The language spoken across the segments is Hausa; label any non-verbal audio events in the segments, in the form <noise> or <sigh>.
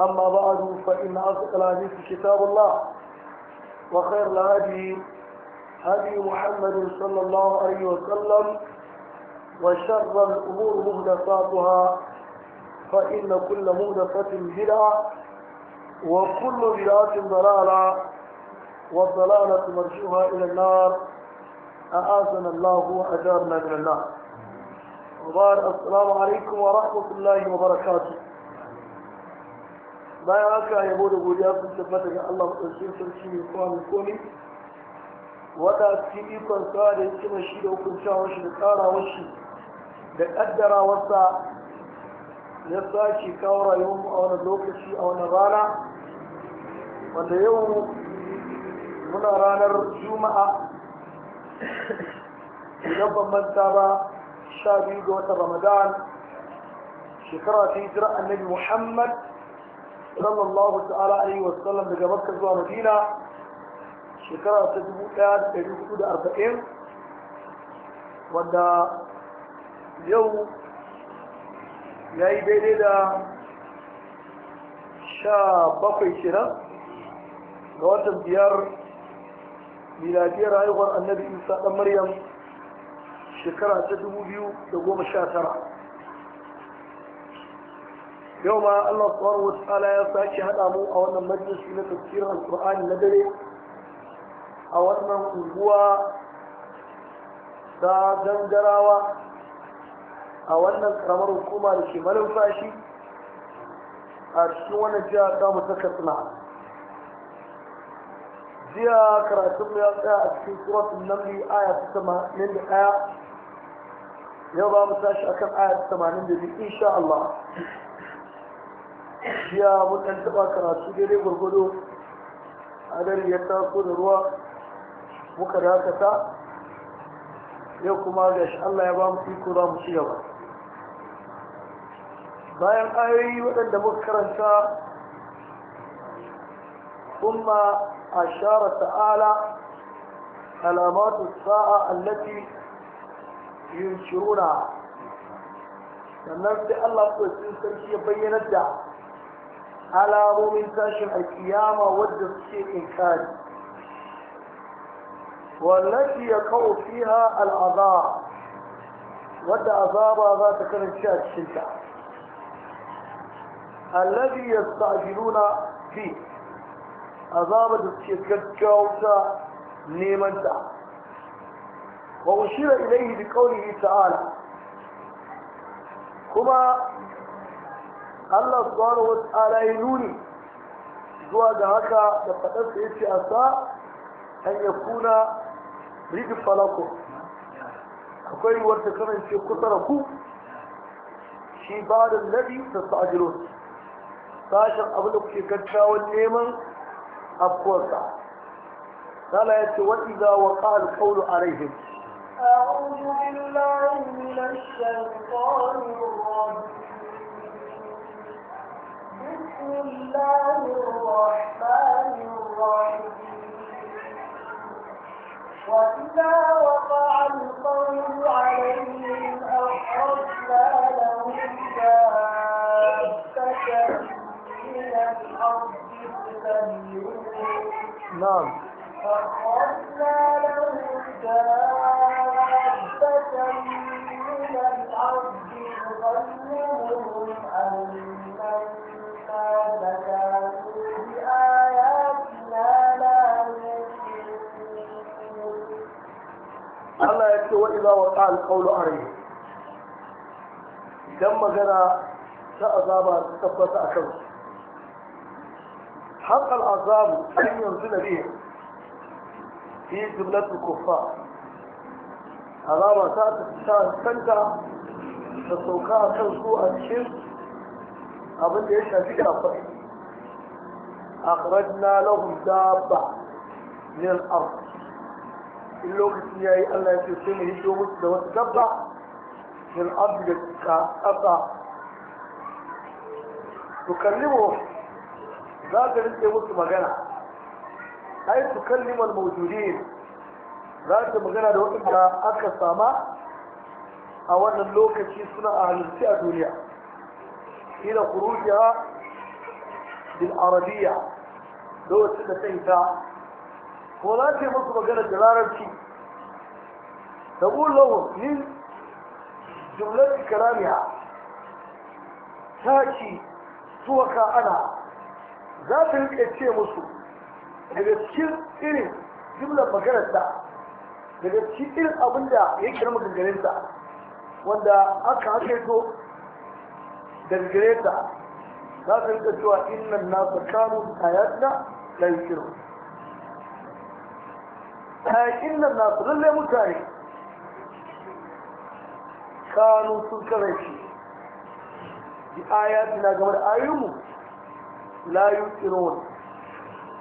أما بعد فإن أصدق الحديث كتاب الله وخير الهدي هدي محمد صلى الله عليه وسلم وشر الأمور مهدفاتها فإن كل مهدفة بدعة وكل بدعة ضلالة والضلالة مرجوها إلى النار أعاذنا الله وأجارنا من النار السلام عليكم ورحمة الله وبركاته bayan haka ya bude godiya ku tabbata ga Allah madaukakin sarki mai kowa mai komai wada ci ikon sa da ma shi da hukuntawa shi da tsarawar shi da kaddara kaddarawarsa ya sake kawo rayuwar mu a wani lokaci a wani rana wanda yau muna ranar juma'a idan ban manta ba sha biyu ga wata ramadan shekara ta hijira annabi muhammad sallallahu ta'ala alaihi sallam daga makka zuwa madina shekara ta dubu ɗaya hudu da arba'in wanda yau ya yi daidai da sha bakwai kenan ga watan biyar miladiyar rayuwar annabi isa Dan maryam shekara ta dubu biyu da goma sha tara yau ma Allah subhanahu wataala ya sake haɗa mu a wannan majalisi na tafsirin alqur'ani na dare a wannan unguwa ta gangarawa a wannan karamar hukuma da ke malumfashi a cikin wani jiya ta mu ta jiya karatun ya tsaya a cikin suratul namli aya ta ɗaya. yau ba mu tashi akan aya ta 82 insha Allah jiya mun ɗan taɓa karatu daidai gwargwado hadari ya taso da ruwa muka dakata yau kuma ga shi Allah ya ba mu iko za mu gaba bayan ayoyi waɗanda muka karanta kuma ashara ta'ala alamatu sa'a allati yunshiruna sannan sai Allah ko sun sarki ya bayyana da على رومي تاشم الكيامة ودف شيء إنكاري والتي يقو فيها العذاب ود عذاب ذات كان الشاد الشلتا الذي يستعجلون فيه عذاب ذات شيء كالكاوسة نيمنتا وأشير إليه بقوله تعالى كما Allah subhanahu wa ta'ala ya nuni zuwa ga haka da faɗarsa ya ce a sa an ya kuna rigin akwai yiwuwar ta kasance kusa da ku shi ba da nabi da sa'ajiro sashen abin da kuke neman afkuwarsa sala ya ce wani za wa ƙa'al kaulu a raihim أعوذ بالله من الشيطان الرجيم وإذا وقع القول عليهم أخرجنا لهم دابة من الأرض نعم أخرجنا لهم دابة من الأرض تغني ذا وقع القول عليه إذن ما جرى سأذابا تثبت أكبر حق العذاب أن ينزل به في جملة الكفار عذابا تثبت فسوكا تنسو أكشف أبن إيش أجيك أخرجنا لهم دابة من الأرض in lokacin ya yi allah ya ce sai mu hito musu da wata dabba min abu da ƙasa su kalli mu za ka rike musu magana ai su kalli kallimar mawujudin za ta magana da waɗanda aka sama a wannan lokaci suna a halittu a duniya ila kuruja bil arabiya lokacin da ta hita ko za ka yi musu magana da larabci da lahu ni jumlar ci zuwa ka ana za ta rike ce musu daga cikin irin jumlar maganar ta daga cikin irin abin da ya kira maganganin ta wanda aka haka to daga ta za ta rike cewa innan nasu kanu ayatna la yusiru inna nasu lalle mutane kanu sun karanci bi ayatina game da ayyumu la yuqinun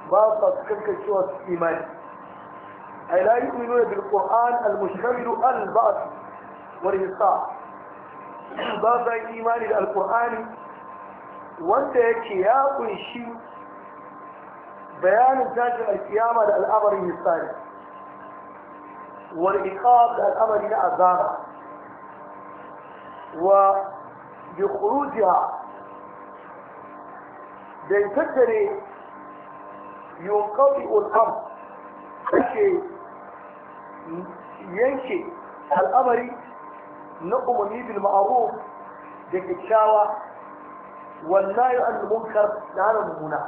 ba sa su kankancewa su imani A ay la yuqinuna bil qur'an al mushtamil al ba'd wal hisab ba sa imani da al qur'ani wanda yake ya kunshi bayanin tashin alkiyama da al'amarin hisari. والإقاب الأمر إلى أذانها وبخروجها تجري ينقضي الأمر كشي ينشي الأمر نقوم المعروف بالمعروف بالكتشاوى والنهي عن المنكر لعنى المنى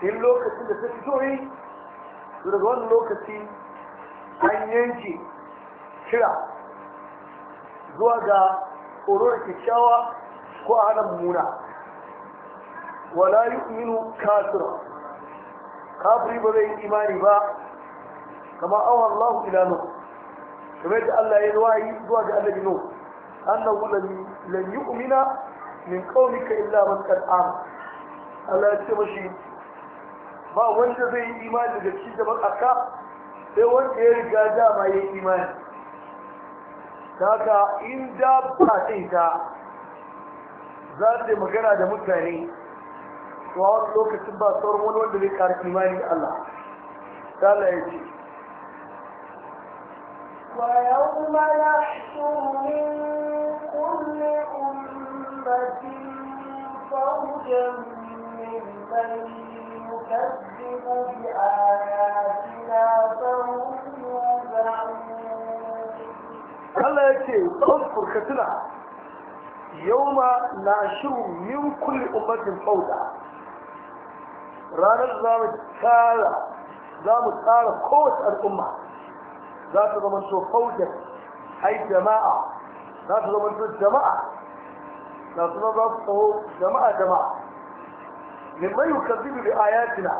في اللوكس اللي تفجعي ورغون اللوكسين an yanke kira zuwa ga tsoro da kyakkyawa ko a hana mummuna wala yu'minu kafira kafiri ba zai imani ba kama awon Allah ila kamar da Allah ya wayi zuwa ga annabi nuh annahu lan yu'mina min qawlika illa man qad Allah ya ce mashi ba wanda zai imani da cikin da baka sai wanda ya riga dama ya imani kaka in dabba ɗin ta za ta magana da mutane to a wasu lokacin ba sauran wani wanda zai ƙara imani da Allah ta Allah ya ce Thank you. قال لك اصبر كثيرا يوم نعشو من كل أمة فوضى رانا زام التالة زام التالة قوة الأمة ذات زمن شو فوضى أي جماعة ذات زمن شو جماعة ذات زمن شو جماعة جماعة min ka yukazzibu da ayatina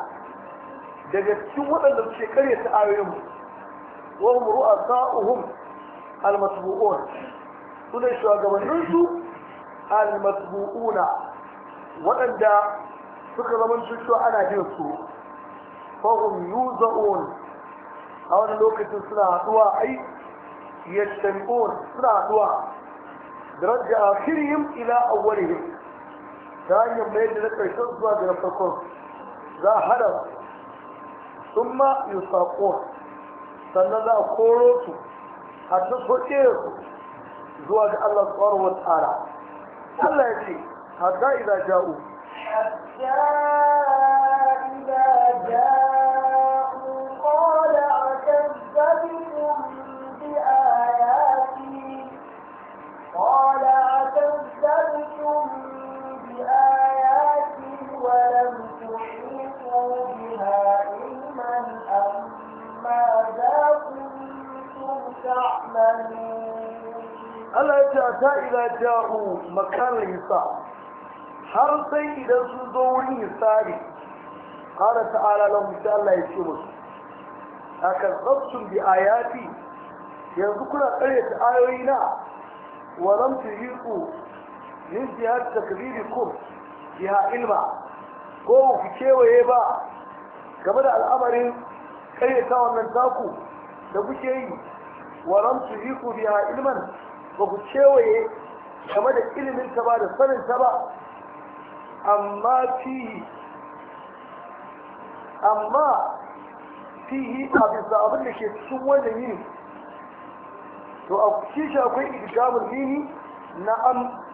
daga cikin waɗanda suke karya ta ayoyin wa hum ru'asa'uhum al-masbu'un su ne shugabannin su waɗanda suka zama cewa ana jin su fa hum yuza'un a wani lokacin suna haɗuwa ai yastami'un suna haɗuwa daraja akhirihim ila awwalihim دائم ميل لك يشرب واحد لا ظاهرة ثم يساقون سنلا كوروس حتى سكيرس زواج الله سبحانه وتعالى الله يجي حتى إذا جاءوا حتى إذا جاءوا قال عتبتكم بآياتي قال عتبتكم ولم تحيطوا بها علما أم ماذا Allah ya ce a ta'ila ja'u makarar hisa har sai idan sun zo wurin hisari. ƙara ta'ala lan mutu Allah ya ce musu a karɓar bi ayati yanzu kuna ƙarya ta ayoyi na wa lam tuhiqu min jihati kum ya ilma ko ba ku kewaye ba game da al'amarin ƙayyata wannan taku da kuke yi wa ramsu tuhiku biya ilman ba ku kewaye game da ilimin ta ba da sanin ta ba amma fihi amma fihi a bisa abin da ke cikin wajen yini to a kishi akwai idgamul yini na am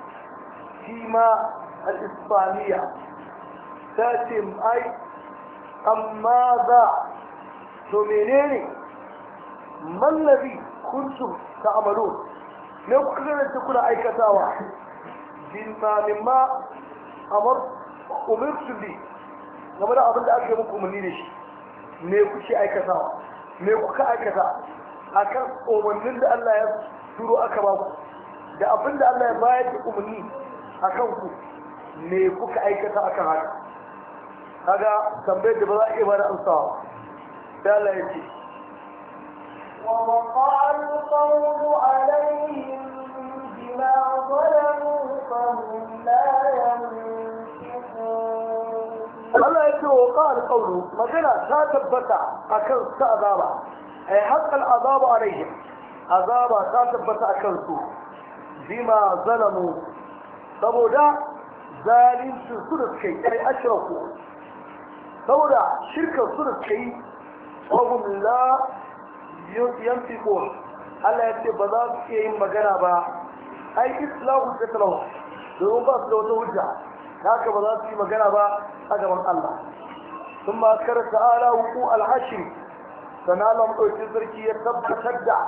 a al ta ce ai amma ba to menene mallabi kuntum ta amalo ne kuka karanta kuna aikatawa bin ma min ma amar umirtu bi game da abin da aka yi muku da shi me kuke aikatawa me kuka aikata akan da Allah ya aka da abin da Allah ya bayar da umarni a kanku, me kuka aikata akan haka هذا tambayar da ba za a iya ووقع القول عليهم بما ظلموا فهم لا ينطقون الله يقول وقع القول مدينة لا تبتع أكل عذابا أي حق العذاب عليهم أذابا لا تبتع أكل بما ظلموا طب ذلك su da شيء أي أشرفوا دولة شركة صورة كي وهم لا ينفقون على يكتب بضاب كي مجنبا أي إسلام وزيطنه دون باس لو توجه هكذا بضاب كي مجنبا هذا من الله ثم أذكر تعالى وقوع العشر فنالهم اعتذر كي يتبقى تدع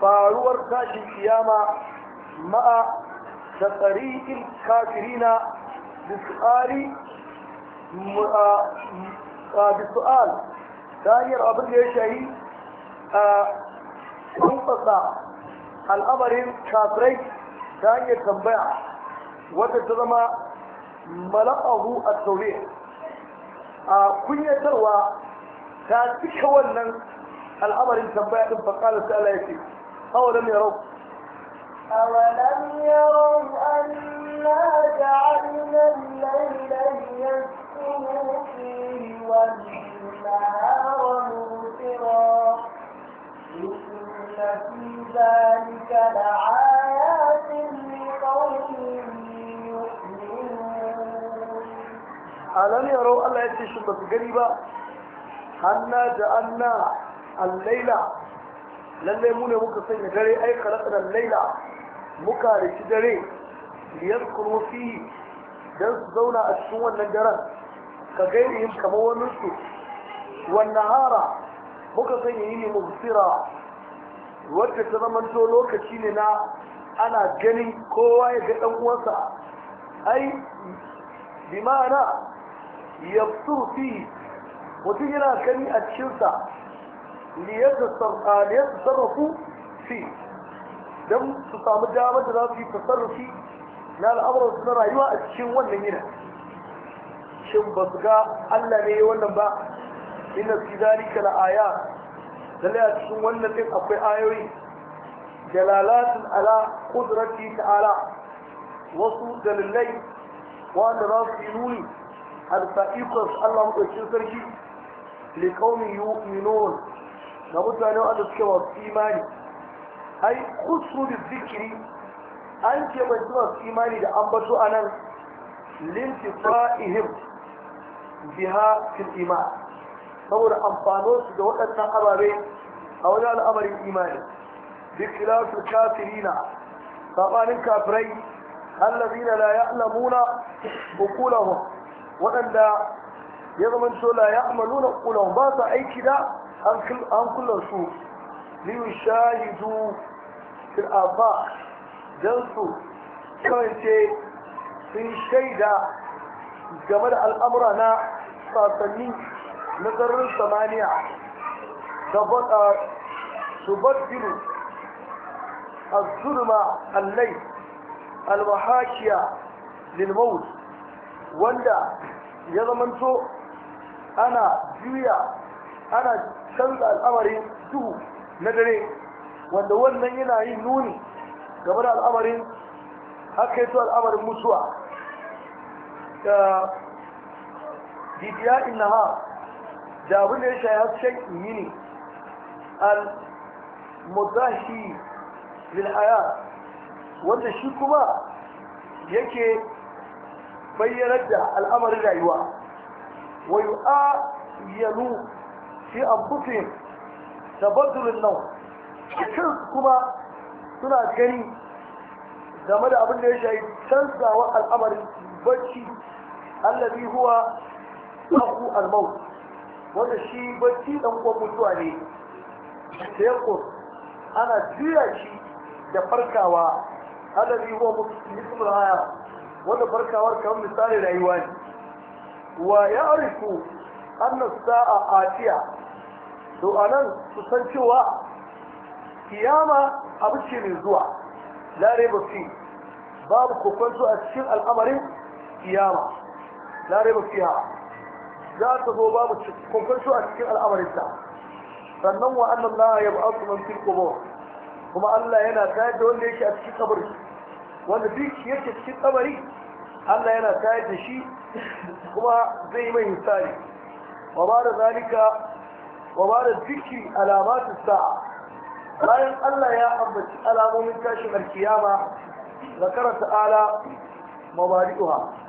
فعلو ارتاش القيامة مع تطريق الكافرين بسؤالي bisu'al ta hanyar abin da ya shayi a kumfasa al'amarin kafirai ta hanyar tambaya wata ta zama mala'ahu a taure a kunyatarwa ta cika wannan al'amarin tambaya ɗin faƙalar sai Allah ya ce awalam yarau awalam yarau anna ja'alna al-layla ألم يروا ألا يأتي شطة قريبة حنا جعلنا الليلة لليمون يبقى سينا جري أي خلقنا الليلة مكارش جري ليذكروا فيه جنس دون الشوان لجران ka gairihim kamar wani su wannan hara muka sanya yini mubsira wadda ta zamanto lokaci ne na ana ganin kowa ya ga dan uwansa ai bi ma'ana yabsuru fi mutum yana gani a cikinsa liyar sarrafu fi don su samu damar da za su yi tasarrufi na al'amuransu na rayuwa a cikin wannan yinin shin ba su ga Allah ne wannan ba inna fi zari kala aya lalle laya cikin wannan din akwai ayoyi dalalatun ala qudrati ta'ala wasu dalilai wanda za su yi nuni alfa'iqas Allah madaukakin sarki li qaumi yu'minun ga mutane wanda suke masu imani ai khusru bi zikiri? an ce bai su imani da an ambato anan lintifa'ihim biha fil iman saboda amfano su da waɗannan ababe a wajen al'amarin imani duk khilafin kafirina sabanin kafirai allazina la ya'lamuna uqulahum waɗanda ya zamanto la ya'maluna uqulahum ba su aiki da hankulan su liyushahidu fil afaq dan su kawai sun shaida game da al'amura na sasanni na samaniya da allai al-mahakiya المحاكية wanda ya يضمنتو ana juya, ana canza al'amarin duhu na dare wanda wannan yana yin nuni game da al'amarin haka yato al'amarin mutuwa da didiya innaha da abin da ya shaya hasken yini al muzahi lil haya wanda shi kuma yake bayyanar da al'amarin rayuwa wa yu'ayyanu fi anfusihim tabaddulun nau cikin kuma suna gani game da abin da ya shayi canzawa al'amarin bacci allabi huwa ahu al-maut wanda shi bacci dan uwan mutuwa ne tayaqqur ana juya shi da farkawa allabi huwa mutlaqul haya wanda farkawar kamar misali rayuwa ne wa ya'rifu anna sa'a atiya to anan su san cewa kiyama abu ce mai zuwa la raiba fi babu kokonto a cikin al'amarin kiyama na raba fiha za ta zo babu kwankwanto a cikin al'amarinta sannan wa annan la ya ba su man fil kuma Allah yana tayar da wanda yake a cikin kabari wanda duk yake cikin kabari Allah yana tayar da shi kuma zai yi mai misali wa ba da zalika wa ba da zikri alamatu sa'a bayan Allah ya ambaci alamomin tashin alkiyama zakara ta'ala mabari'uha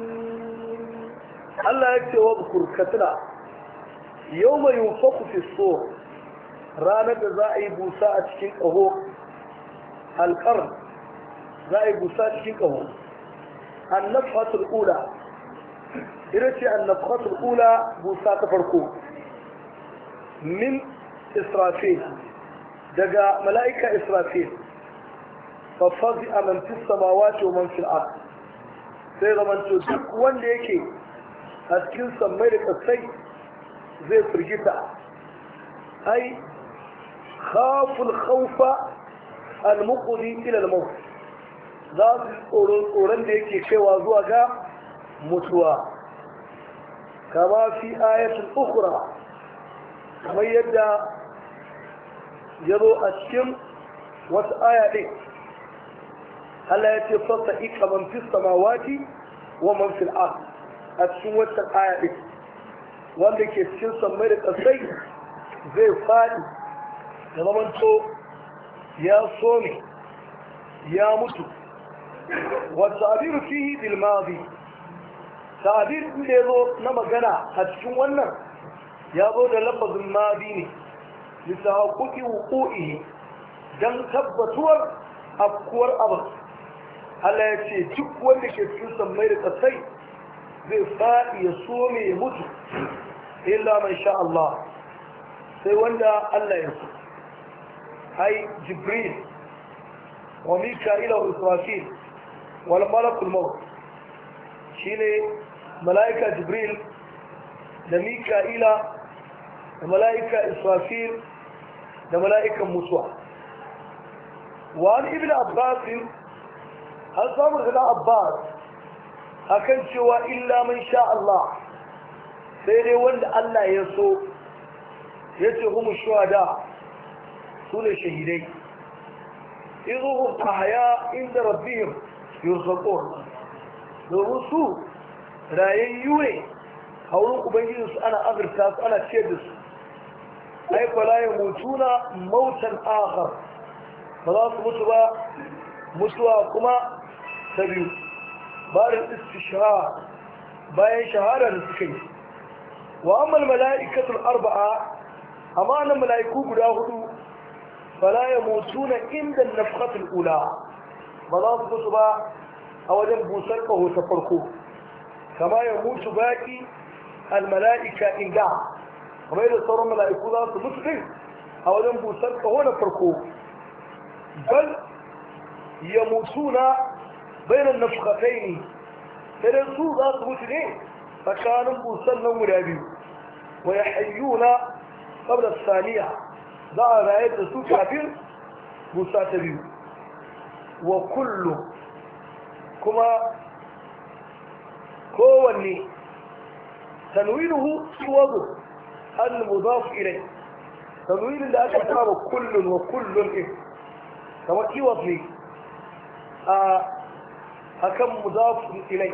Allah ya ce wa bukur katina yau mai ku fi so ranar da za a yi busa a cikin ƙaho alƙar za a yi busa a cikin ƙaho annafatul ula Ina ce annafatul ula busa ta farko min israfil daga mala'ika israfil fafazi a mantis samawa ce wa manfil sai zamanto duk wanda yake a cikin sammai da kasai zai firgita ai khaful haufa al-muqdi ila za su tsoron tsoron da yake kaiwa zuwa ga mutuwa kama fi ayatul ukhra kamar yadda ya zo a cikin wata aya ɗin Allah ya ce fasa ika man fi samawati wa man fil a cikin waccan aya ɗin wanda ke cikin samai da ƙasai zai faɗi da to ya so ne ya mutu wata abin fihi bil Ta abin da ya zo na magana a cikin wannan ya zo da lafazin mazi ne bisa haƙuƙi wuƙo'i don tabbatuwar afkuwar abin Allah ya ce duk wanda ke cikin samai da kasai zai faɗi ya some ya mutu illa mai sha Allah sai wanda Allah ya so Hai jibril wa mika'ila wa israfil wal malakul maut shine mala'ika jibril da mika'ila da mala'ika israfil da mala'ikan mutuwa wa ibn abbas an samu da abbas akan cewa illa mun sha Allah sai dai wanda Allah ya so ya ce humu shuhada su ne shahidai izuhum ahya inda rabbihim yurzaqun domin su rayayyu ne a wurin ubangiji su ana azurta su ana ce da su ai fala ya mutuna mautan akhar ba za su mutu ba mutuwa kuma ta biyu بار الاستشهار باي شهاره لسكي واما الملائكه الاربعه امان الملائكه غدا فلا يموتون عند النفخه الاولى بلا صبا او لم بوسر كهو كما يموت باقي الملائكه ان جاء وبيد صار الملائكه لا تمسكي او لم بوسر كهو بل يموتون بين النفختين فرسول ذات وتنين فكانوا مسلم مرابي ويحيون قبل الثانية ذا رأي تسوك عبير موسى وكل كما كوني تنوينه سواه المضاف إليه تنوين اللي أكتبه كل وكل إيه كما كي وضني آه، akan mudafun ilai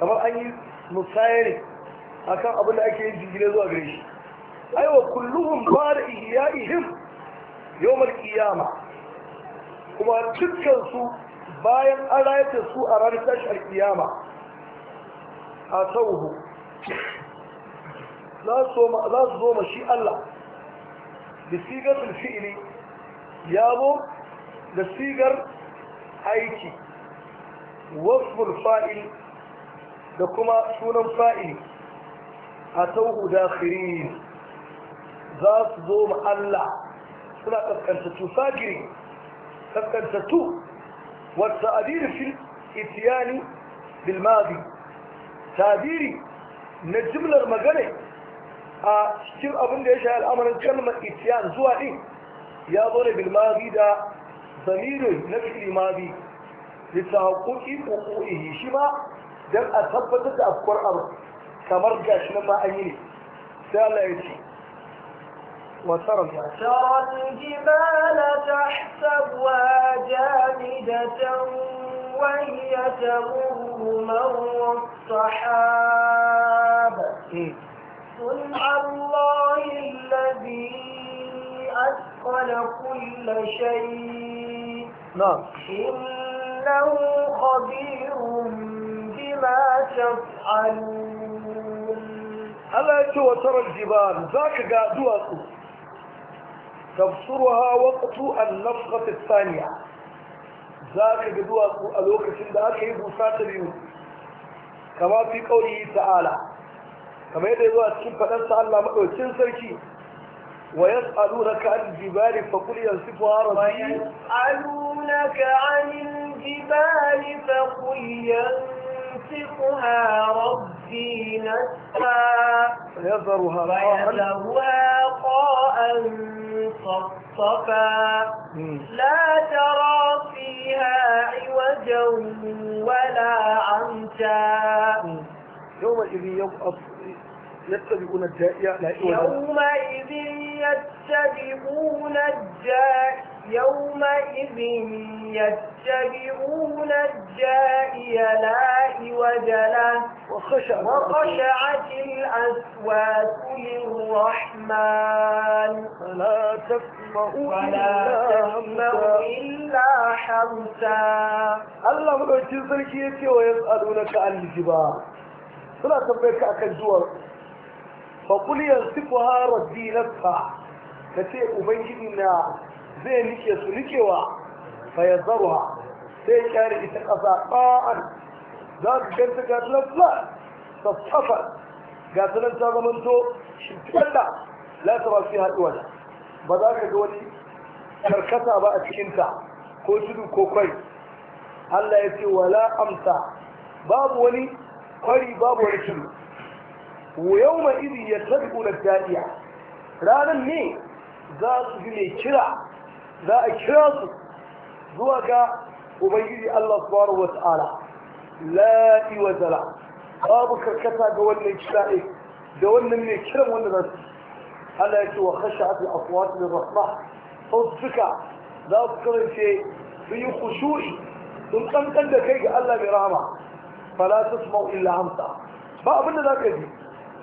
kamar an yi musaya ne akan abin da ake yin jingine zuwa gare shi aiwa kulluhum ba da ihya'ihim yawmal qiyama kuma dukkan su bayan an rayar su a ranar tashi alkiyama a sauhu za su zo ma shi Allah da sigar fi'ili ya zo da sigar aiki wasful fa'il da kuma sunan fa'il a tauhu dakhirin za su zo ma Allah suna kaskantattu sagiri kaskantattu wata adiri fil itiyani bil na jimlar magana a cikin abin da ya sha al'amarin kalmar itiyan zuwa din ya zo da bil da zamirin na fili madi لتحقق حقوقه shi ma dan a tabbatar da afkuwar abu kamar gashi وترى الجبال تحسبها جامدة وهي تمر مر الصحاب إيه. صنع الله الذي أثقل كل شيء نعم إنه خبير بما تفعلون ألا يتوى ترى الجبال ذاك قادوا تبصرها وقت النفقة الثانية ذاك قدوا ألوك سنداك يبو اليوم كما في قوله تعالى كما يدعو أسكين فنسى الله مأوكين سركي ويسألونك عن الجبال فقل ينصفها ربي ويسألونك عن الجبال فقل ينفقها ربي نسفا فيذرها فيذرها قاء صفصفا لا ترى فيها عوجا ولا عمتا يومئذ يبقى يتبعون الجائع يومئذ يتبعون الجائع يومئذ يتبعون الجائي لا عوج له وخشعت الأسواق للرحمن فلا تسمع إلا حمسا الله مدعوكي سركي يتي ويسألونك عن الجبال فلا تبقى أكل جوار فقل ينصفها ربي نفسها kace ubangiji zai nike su nikewa zarwa sai kyari ita ƙasa ɓa'an. za ka ganta ga lafla sassafa ga ta nan ta zamanto shimfiɗaɗa la ba su haɗuwa ba za ka ga wani karkata ba a cikinta ko tudu ko kwai Allah ya ce wala amsa babu wani kwari babu wani shudu yau ma iri ya tabi ƙunar daɗiya ranar ne za su ji mai kira za a kira su zuwa ga ubangiji Allah subhanahu wa ta'ala wa iwazala babu karkata ga wannan kira da wannan ne kiran wannan za su Allah ya ce wa khashat al-aswat lir-rahmah sautuka za su karance su yi kushuri sun kankan da kai ga Allah mai rahama fala tasma'u illa hamsa ba abinda za ka ji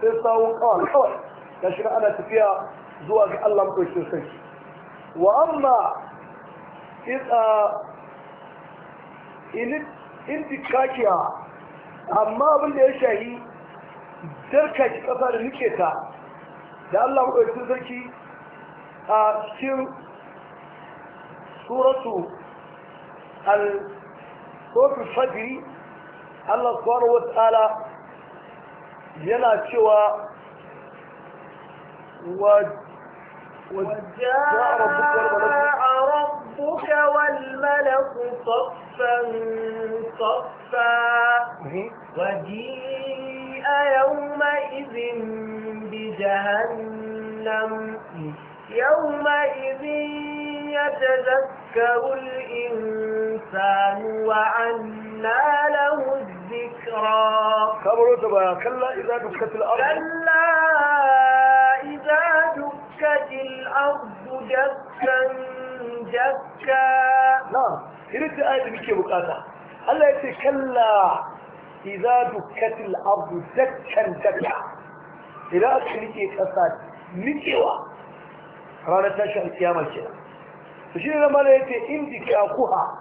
sai sawun kawai kawai ga shi ana tafiya zuwa ga Allah mai sarki وأما إذا uh, intikakiya amma abin da ya shahi darkaci kasa da nike ta da Allah maɗauki sarki a cikin suratu al-sofin fajiri Allah subhanahu wa ta'ala yana cewa wa وجاء ربك والملك صفا صفا وجيء يومئذ بجهنم يومئذ يتذكر الإنسان وعنا له الذكرى كما كلا إذا دكت الأرض كلا إذا دكت الأرض دكا دكا نعم إذا الآية بك بكاتا الله يتكلى إذا دكت الأرض دكا دكا إذا أكلت كساد نكوا رانا تاشا القيامة كده فشين لما لا يتي إندك أخوها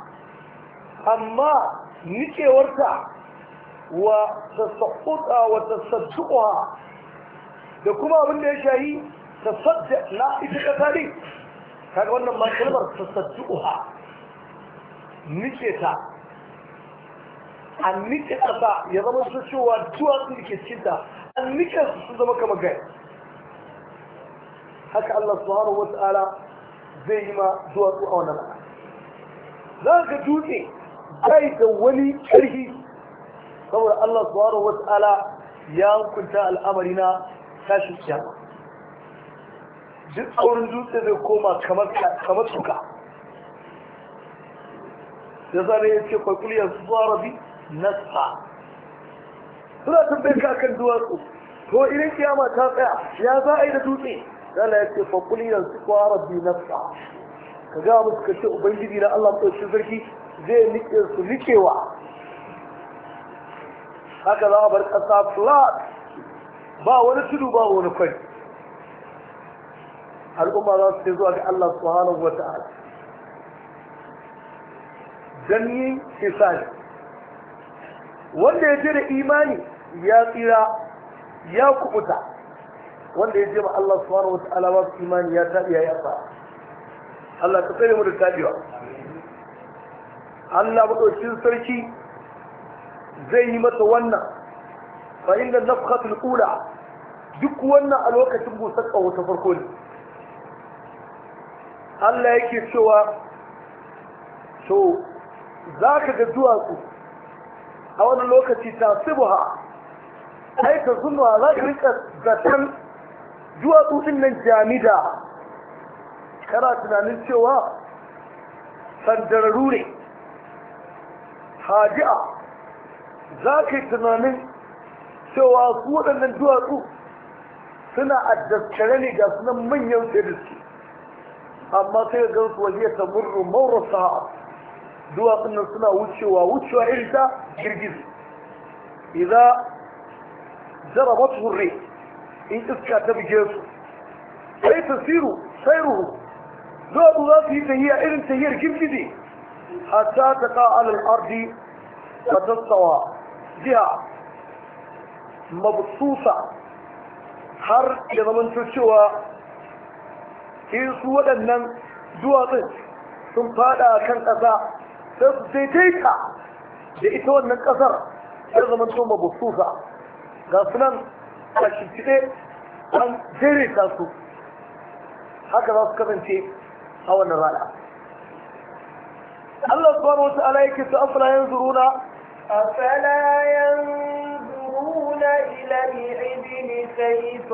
أما نكورتا وتسقطها وتسبقها da kuma abin da ya shahi tasadda na ita kasa ne kaga wannan ma kalmar tasadduha nike ta an nike kasa ya zama su cewa duwatsu da ke cinta. ta an nike su su zama kama gari haka Allah subhanahu wa ta'ala zai yi ma duwatsu a wannan za ka dutse bai da wani ƙarfi saboda Allah subhanahu wa ta'ala ya hukunta al'amari na Tashi kiyama duk auren dutse zai koma kamar tuka da zane ya ce kwaikuli yanzu zuwa rabi nasa suna tambayar ka kan duwatsu ko idan kiyama ta tsaya ya za a yi da dutse zala ya ce kwaikuli yanzu zuwa rabi nasa ka ga mu musu kace ubangiji na Allah ko shi sarki zai nike su nikewa haka za a bar ƙasa flat ba wani tudu ba wani kwari al'umma za su ce zuwa ga Allah subhanahu wata'ala dan yin hisani wanda ya je da imani ya tsira ya kubuta wanda ya je ma Allah subhanahu wa ba su imani ya tabi ya yasa Allah ka tsare mu da tabiwa Allah madaukakin sarki zai yi masa wannan fa inda nafkhatul ula duk wannan a lokacin busar kawo ta farko ne Allah yake cewa to za ka ga duwatsu a wani lokaci ta sibuha ai ka zunuwa za ka rika zaton duwatsu din nan jamida kara tunanin cewa sandararru ne haji'a za ka yi tunanin cewa su waɗannan duwatsu suna addaskare ne ga sunan manyan tsirriski amma sai ga su waje ta murru maurar sa'a duwatsun nan suna wucewa wucewa irin ta girgizi idan jarabatu hurre in iska ta bige su sai tasiru sai ruhu duwatsu za su yi tahiya irin tahiyar girgizi hatta ta ka alal ardi ta tattawa jiha mabsusa har da zamanto cewa in su waɗannan duwatsun sun fada kan ƙasa sai su daidaita da ita wannan ƙasar har zamanto mabsusa ga nan a shimfiɗe an daidaita su haka za su kasance a wannan rana Allah subhanahu wa ta'ala yake su afala yanzuruna afala yanzuruna ينظرون إلى الإبل كيف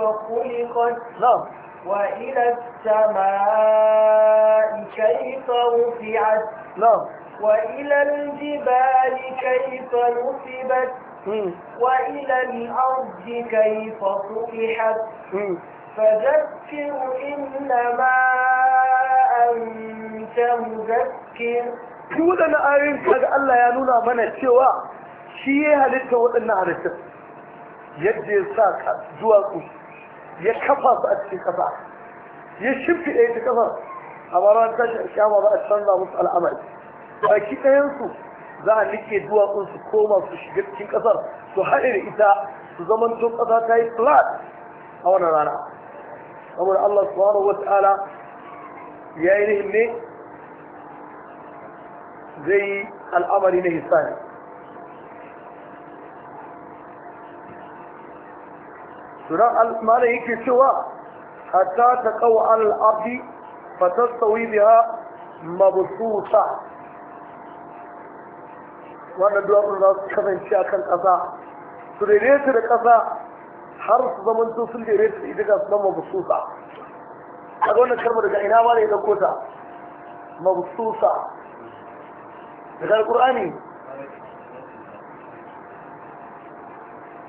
خلقت نعم وإلى السماء كيف رفعت نعم وإلى الجبال كيف نصبت وإلى الأرض كيف صلحت فذكر إنما أنت مذكر duk أنا ayoyin الله Allah ya nuna mana cewa shi ya halitta waɗannan halittun yadda ya sa duwatsu ya kafa su a cikin ƙasa ya shimfiɗe ta ƙasar a baran tashi a kyama a canza musu al'amari baki ɗayansu za a nike duwatsun su koma su shiga cikin ƙasar su haɗe da ita su zaman to ƙasa ta yi flat a wannan rana saboda Allah subhanahu wa ta'ala ya yi ne zai yi al'amari na hisani tunan almara yake cewa hatta ta kawo al'abdi fatattawi biya mabututa wannan duwatsun za su kasance a kan ƙasa su daidai su da ƙasa har su zaman to sun daidai su idiga su zama mabututa a ga wannan karma daga ina ba da ya ɗauko ta mabututa daga alƙur'ani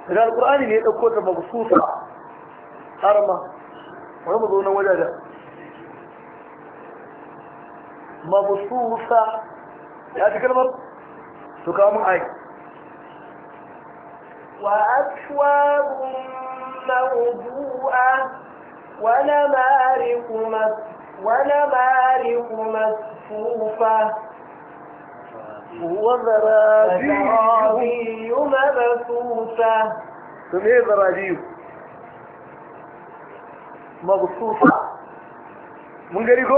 هذا القرآن اللي يدكوه مقصوصة حرمة ورمضونا ولدا مقصوصة يأتي كلمة سكام عين وأكواب موضوعة ونمارق مصفوفة وزرابي مبثوثة سمعي زرابي مبثوثة mun gari ko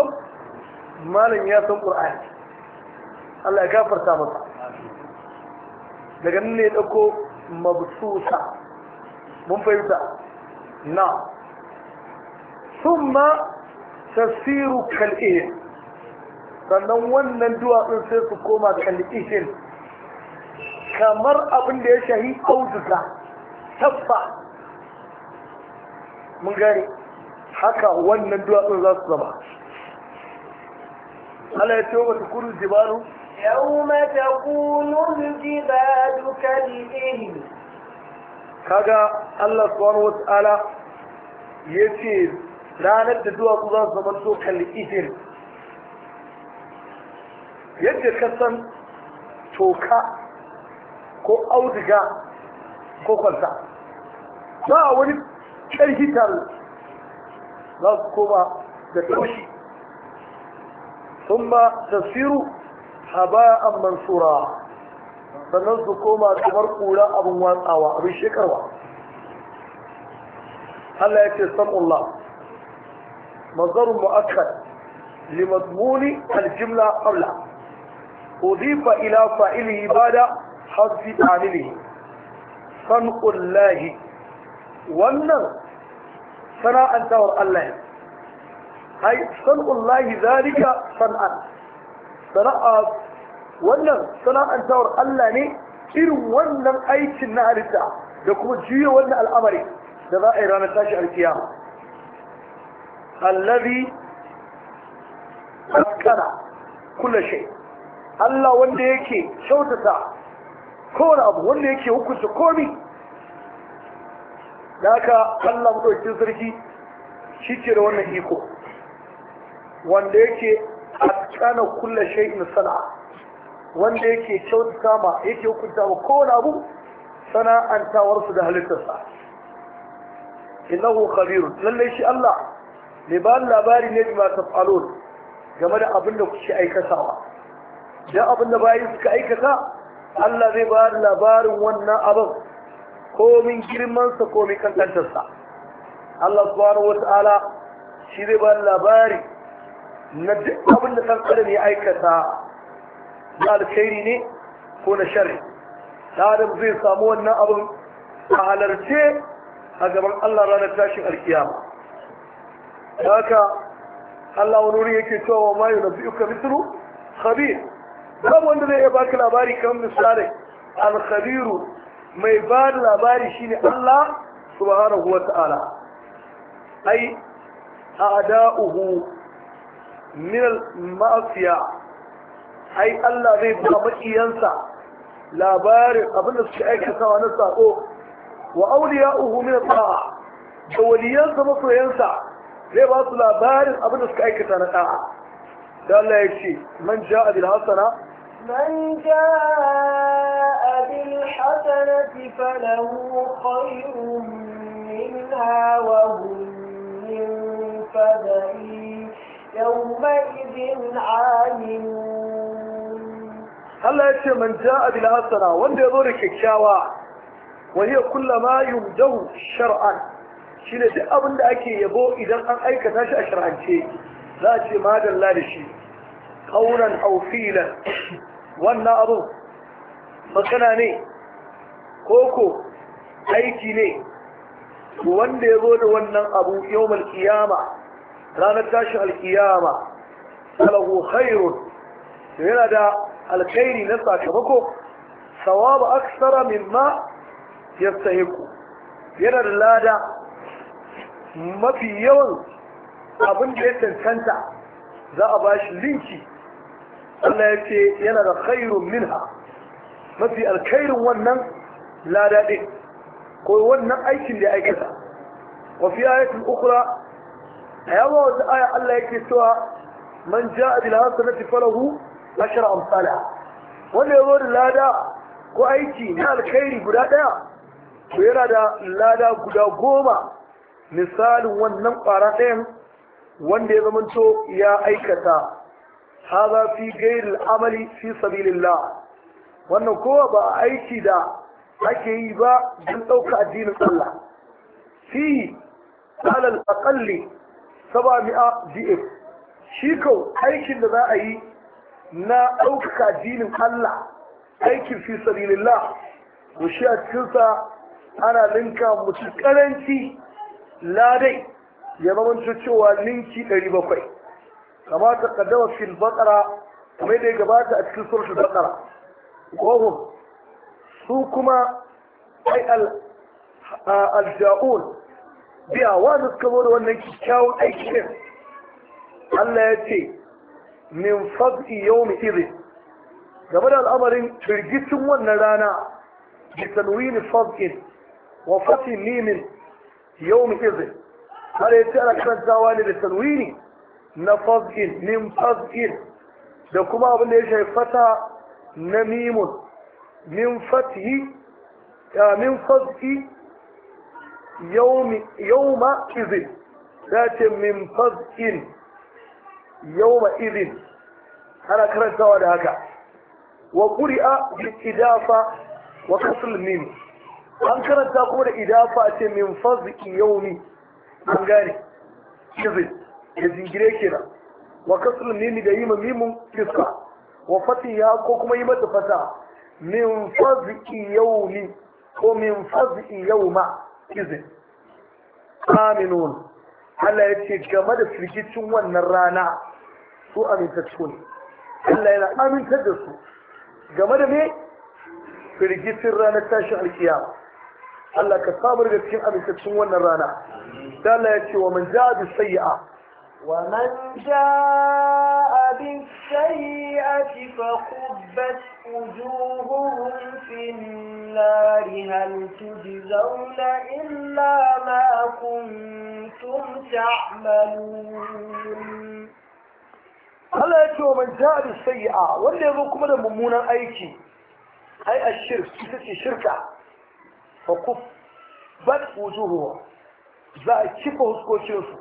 malin ya san ƙur'ani Allah ya gafarta masa daga nan ne ya ɗauko mabsusa mun fahimta na summa tafsiru kal'iyya sannan wannan duwatsun sai su koma ga alƙishin kamar abin da ya shahi auduga tabba mun gari haka wannan duwatsun za su zama ala ya ce wa tukuru jibalu يوم تكون الجبال كالإهل kaga Allah subhanahu ya ce ranar da duwatsu za su zama to kalli yadda ka san toka ko auduga ko kwanta ba wani ƙarfitar za su koma da toshi ثم تسير haba'an mansura sannan su koma kamar kura abin watsawa abin shekarwa Allah ya ce sam'ullah mazarun mu'akkad li aljimla qabla udifa ila fa'ili ibada hasbi amili sanqullahi wannan sana'antawar Allah ai sanqullahi zalika san'an sana'a wannan sana'antawar Allah ne irin wannan aikin na halitta da kuma juya wannan al'amari da za a yi ranar tashi alkiyama allazi askara kula shai Allah wanda yake kyautata kowane abu wanda yake hukunta komi da aka Allah maɗaukin sarki shi ce da wannan iko wanda yake atkana kula shay'in sana'a wanda yake kyautata ma yake hukunta ma kowane abu sana'antawarsu da halittarsa innahu Kabiru, lallai shi Allah ne ba labari ne bima masu game da abin da kuke aikatawa da abin da bayan suka aikata Allah zai ba da labarin wannan abin komin girmansa komin kankantarsa Allah subhanahu wa ta'ala shi zai ba labari na duk abin da ɗan adam ya aikata na alkhairi ne ko na shari da adam zai samu wannan abin a halarce a gaban Allah ranar tashin alkiyama haka Allah wani wuri yake cewa biyu ka mithlu khabir babu wanda zai iya baka labari kan misali alkhabiru mai ba da labari shine Allah subhanahu wata'ala ai a'da'uhu min al mafiya, ai Allah zai ba makiyansa labarin abinda suke wa na sako wa awliya'uhu min al-ta'a da waliyansa masoyansa zai ba su labarin abinda suka aikata na da'a da Allah ya ce man ja'a bil hasana من جاء بالحسنة فله خير منها وهم من فدعي يومئذ عالم Allah ya ce man ja abil wanda ya zo kyakkyawa wa hiya kullama yumdahu shar'an shine duk abin da ake yabo idan an aikata shi a shar'ance za a ce madalla da shi qawlan aw fi'lan wannan abu magana ne koko aiki ne wanda ya zo da wannan abu yau malkiyama ranar tashin alkiyama salahu khairun yana da alkhairi na sakamako sawaba aksara mimma ya sahiku yana da lada mafi yawan abin da ya cancanta za a bashi linki Allah ya ce yana da khairun minha mafi alkhairun wannan lada ɗin ko wannan aikin da ya aikata wa fi ayatul ukhra ayawa wata aya Allah yake cewa man ja'a bil hasanati falahu ashra amsalha wanda ya zo da lada ko aiki na alkhairi guda ɗaya ko yana da lada guda goma misalin wannan ƙwara ɗayan wanda ya zamanto ya aikata haza fi gairil amali fi sabilillah wannan kowa ba aiki da ake yi ba don ɗauka addinin Allah fi alal akalli saba mi'a df shi kau aikin da za a yi na ɗaukaka addinin Allah aikin fi sabilillah to shi a cikinsa ana ninka mutu ƙaranci ladai ya zama cewa ninki ɗari bakwai kamata ta kaddama fil baqara da ya gabata a cikin suratul baqara wahum su kuma ai al alja'un biya wanda suka zo da wannan kyakkyawan aikin? Allah ya ce min fad'i yawmi idin game da al'amarin firgicin wannan rana bi tanwini fad'in wa fati mimin yawmi idin har ya ana karantawa ne da tanwini na fasgin min fasgin da kuma abin da ya shafi fata na mimun min fatihi min fasgi yauma izin ya ce min fasgin yauma izin ana karantawa da haka wa ƙuri'a bi idafa wa kasul min an karanta kuma da idafa ce min fasgi yaumi an gane izin da jingire kenan wa kasrul mimi da yima mimun fiska wa fatiha ko kuma yi mata fata min faz'i yawmi ko min faz'i yawma izin aminun Allah ya ce game da firgicin wannan rana su amintattu ne Allah yana amintar da su game da me firgicin ranar tashin alkiyama Allah ka samar da cikin amintaccen wannan rana da Allah ya ce wa man ja'a bi sayyi'a ومن جاء بالسيئة فقبت وجوههم في النار هل تجزون إلا ما كنتم تعملون هل يجوا من جاء بالسيئة ولا يظنكم هذا ممونا أيكي أي الشرك سيسي شركة فقف بات وجوهه كيف هو سكوشيوسو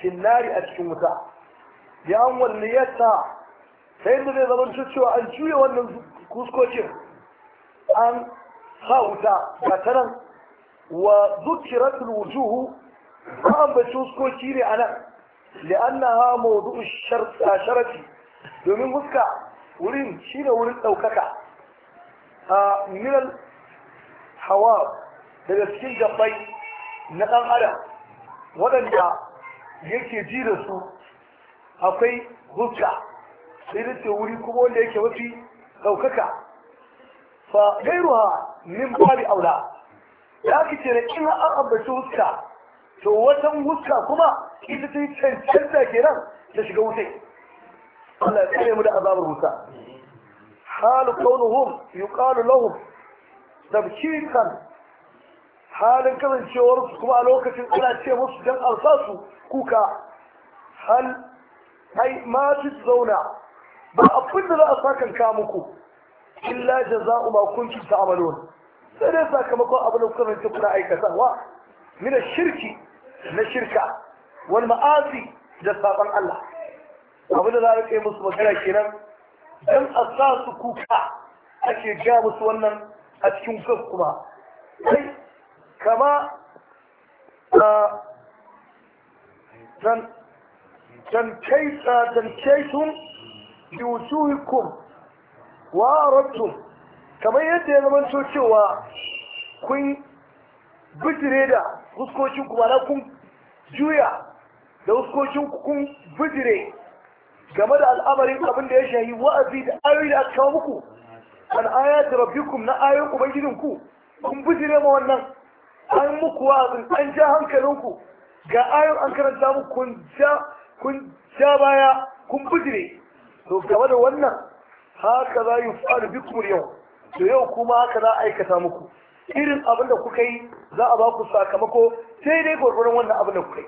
kinnari a cikin wuta Ya an walliyata sai da zai zama cewa an juya wannan kuskocin an sa wuta ga tanan wa zukiratul wujuhu ba an bace kuskoki ne a nan li'annaha mawdu'u sharafi domin huska wurin shine wurin ɗaukaka. a minal hawa daga cikin gabbai na ɗan adam waɗanda yake ji da su akwai hujja sai da ce wuri kuma wanda yake mafi ɗaukaka fa gairuwa min babi aula da aka ce da in an ambaci hujja to watan hujja kuma ita ta yi cancanta kenan ta shiga wutai Allah ya kare mu da azabar wuta halu kaunuhum yuqalu lahum tabkikan halin su kuma a lokacin ana ce musu don an sa su kuka hal ai ma su zauna ba abin da za a sa kanka muku illa jaza'u ma kuntum ta'malun sai dai sakamakon abin da kuka rance kuna aikatawa min shirki na shirka wal ma'asi da saban Allah abin da za a kai musu magana kenan dan a sa su kuka ake ga musu wannan a cikin kuka kuma kama tankaitun biwujuhikum wa arattum kamar yadda ya zamanto cewa kun bijire da fuskokinku ba na kun juya da fuskokinku kun bijire game da al'amarin abin da ya shahi wa'azi da ayoyi da aka kawo muku an ayati rabbikum na ayoyin ubangijinku kun bijire ma wannan an muku wa'azin an ja hankalinku ga ayon an karanta muku kun ja baya kun bijire to game da wannan haka za yi faru bikum yau to yau kuma haka za aikata muku irin abin da kuka yi za a ba ku sakamako sai dai gwargwaron wannan abin da kuka yi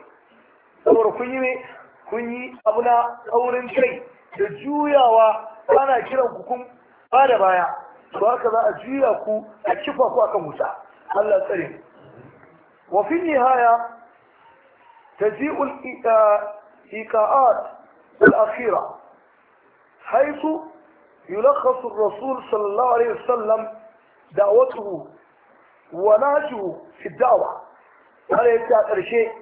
saboda kun yi ne kun yi abu na tsaurin kai da juyawa ana kiran ku kun ba da baya to haka za a juya ku a kifa ku akan wuta Allah tsare وفي النهاية تجيء الإيقاءات الأخيرة حيث يلخص الرسول صلى الله عليه وسلم دعوته وناجه في الدعوة هل يتعطر شيء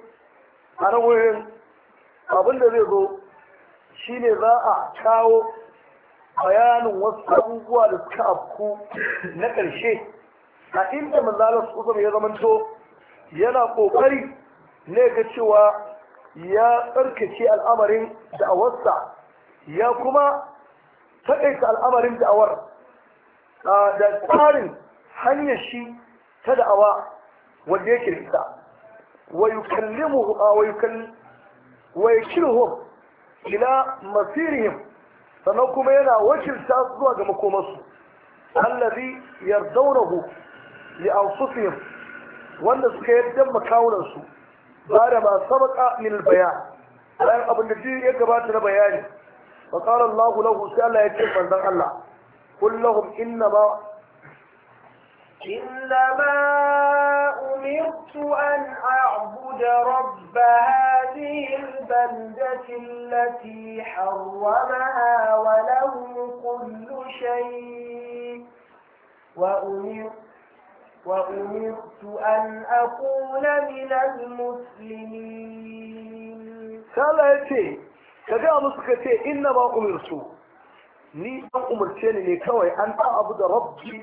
أنا وين قبل ذو شيء ذا أعتاو بيان وصفه abubuwa نقل شيء afku من ƙarshe a inda manzalar yana kokari ne ga cewa ya tsarkace al'amarin da'awarsa ya kuma taƙaita al'amarin da'awar da tsarin hanyar shi ta da'awa wanda yake rikta wa yukallimuhu wa yukallimuhu ويكلهم إلى مصيرهم فنقوم هنا وكل تأصدوا كما كومسوا الذي يرضونه لأنفسهم wanda suka yadda makawunansu ba da ma sabaka min bayan bayan abin da ji ya gabata na bayani fa qala Allah lahu sai Allah ya ce manzon Allah qul lahum inna ma inna ma umirtu an a'budu rabb hadhihi al-baldati allati harramaha wa lahu kullu shay wa umirtu وأمرت أن أكون من المسلمين سألتي كذا مسكتي إنما أمرت ni an umarce ni kawai an ta abu da rabbi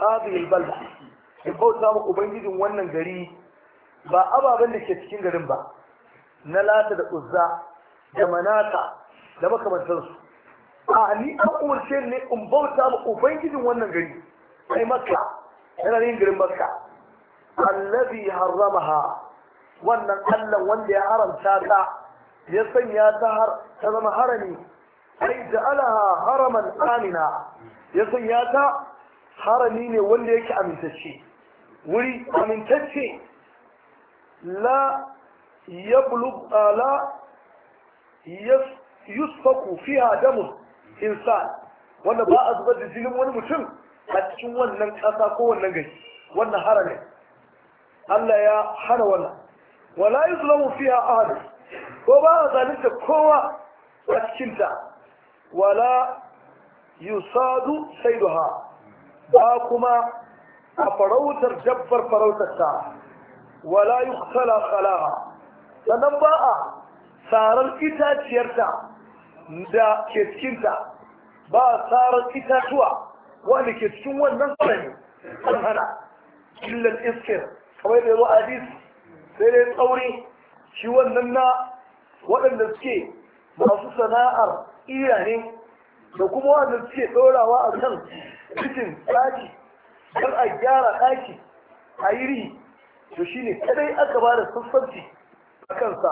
hadhihi albalda in bauta mu ubangijin wannan gari ba ababen da ke cikin garin ba na lata da uzza da manata da makamantar su a ni an umarce in bauta mu ubangijin wannan gari yana yin garin harramaha wannan Allah wanda ya haramta ta ya sanya ta zama harami ai ja'alaha haraman amina ya sanya ta harami ne wanda yake amintacce wuri amintacce la yablug ala yusfaku fiha damu insan wanda ba a zubar da jinin wani mutum a cikin wannan ƙasa ko wannan gari wannan ne. Allah ya hana wannan wala yuzlamu fiha ahad ko ba a zalunta kowa a cikin ta wala yusadu saiduha ba kuma a farautar jabbar farautar ta wala yuqtala khalaha sannan ba a tsarar itaciyarta da ke cikinta ba a tsarar itatuwa wanda ke cikin wannan sarari an hana illan iskir kamar da yawa sai dai tsauri shi wannan na waɗanda suke masu sana'ar iya ne da kuma waɗanda suke ɗorawa a kan cikin ɗaki don a gyara ɗaki a yiri to shi ne kadai aka ba da sassanci a kansa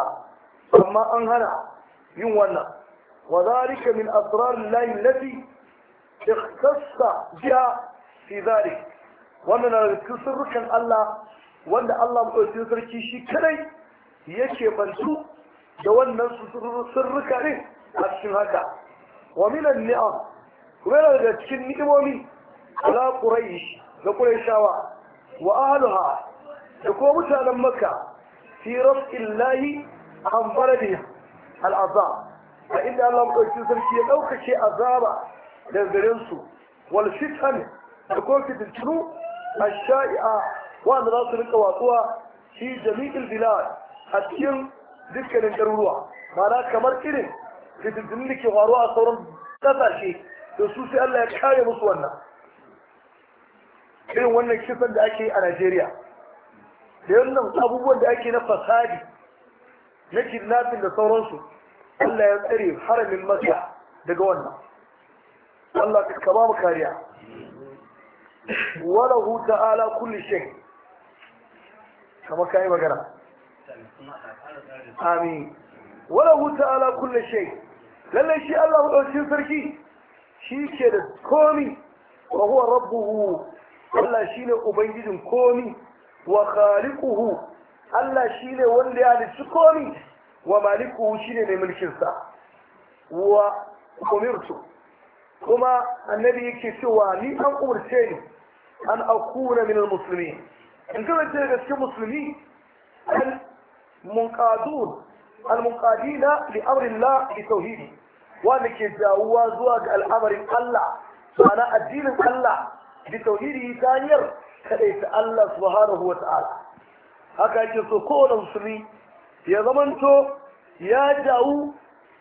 amma an hana yin wannan wa zalika min asrar lillahi lati ikhtassa biya fi zalik wannan daga cikin sirrukan Allah wanda Allah ɗauki sarki shi kadai yake bantu da wannan sirruka ne a cikin haka wa minan ni'am kuma yana daga cikin ni'imomi ala quraish da qurayshawa wa ahluha da kuma mutanen makka fi raf'illahi an baladiha al'azab a inda Allah maɗauki sarki ya ɗaukace azaba daga su wal fitan da ko a shaia wanda za su rika watsuwa shi jami'il bilad a cikin dukkanin garuruwa mana kamar irin fitintunun da ke faruwa a sauran kasashe da su sai Allah ya kare musu wannan irin wannan kisan da ake a Najeriya da wannan abubuwan da ake na fasadi na kidnapping da sauransu Allah ya tsare haramin maka daga wannan Allah ka ba mu kariya wala hu ta'ala kulli shay kama kai magana amin wala hu ta'ala kulli shay lalle shi Allah dauki sarki shi ke da komi wa huwa rabbuhu Allah shi shine ubangijin komi wa khaliquhu Allah shi ne wanda ya halicci komi wa malikuhu ne mai mulkin sa wa umirtu kuma annabi yake cewa ni an umarce ni an akuna min musulmi in kasance daga cikin musulmi al munqadun al munqadina li amrillah bi tauhidi wanda ke jawuwa zuwa ga al'amarin Allah ma'ana addinin Allah bi tauhidi ta hanyar kadaita Allah subhanahu wa ta'ala haka yake so kowane musulmi ya zamanto ya jawu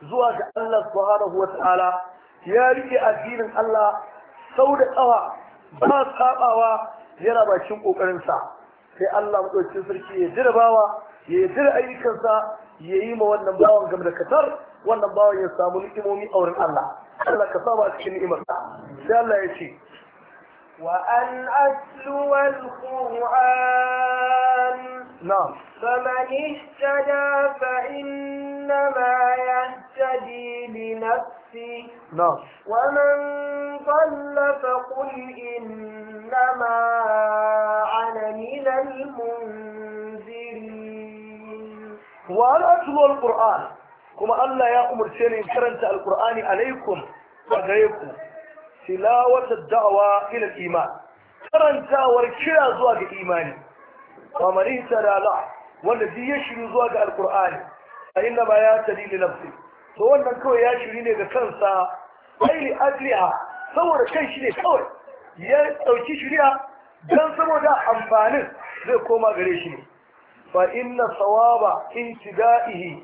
zuwa ga Allah subhanahu wa ta'ala ya rike addinin Allah sau da tsawa ba sabawa yana bakin kokarinsa sai Allah madaukakin sarki ya jirabawa ya jira ayyukansa ya yi ma wannan bawan gam da katar wannan bawan ya samu ni'imomi a wurin Allah Allah ka saba a cikin ni'imarsa sai Allah ya ce وأن أتلو القرآن نعم فمن اهتدى فإنما يهتدي لنفسه نفسي نعم ومن ضل فقل إنما أنا من المنذرين وأنا أتلو القرآن كما الله يا أمر سيري كرنت القرآن عليكم وغيركم تلاوة الدعوة إلى الإيمان كرنت وركلا زواج الإيمان ومن اهتدى له والذي يشري زواج القرآن فإنما يهتدي لنفسه to wannan kawai ya shiri ne ga kansa aili adliha saboda kan shi ne kawai ya ɗauki shirya don saboda amfanin zai koma gare shi ne fa inna sawaba intida'ihi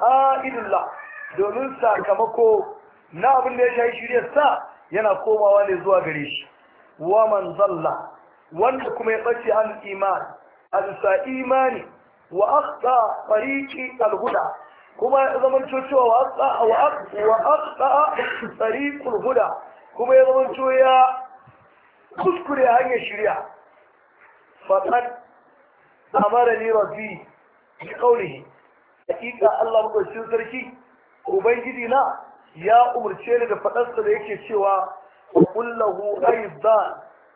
a'idullah domin sakamako na abin da ya shayi shiryar sa yana komawa ne zuwa gare shi wa man zalla wanda kuma ya tsaci an iman alsa imani wa akhta tariqi alhuda kuma ya zama cewa wa aqta tsari huda kuma ya zama cewa ya kuskure hanyar shirya faqad amarani rabbi bi qawlihi hakika Allah madaukakin sarki ubangiji na ya umarce ni da faɗarsa da yake cewa kullahu aidan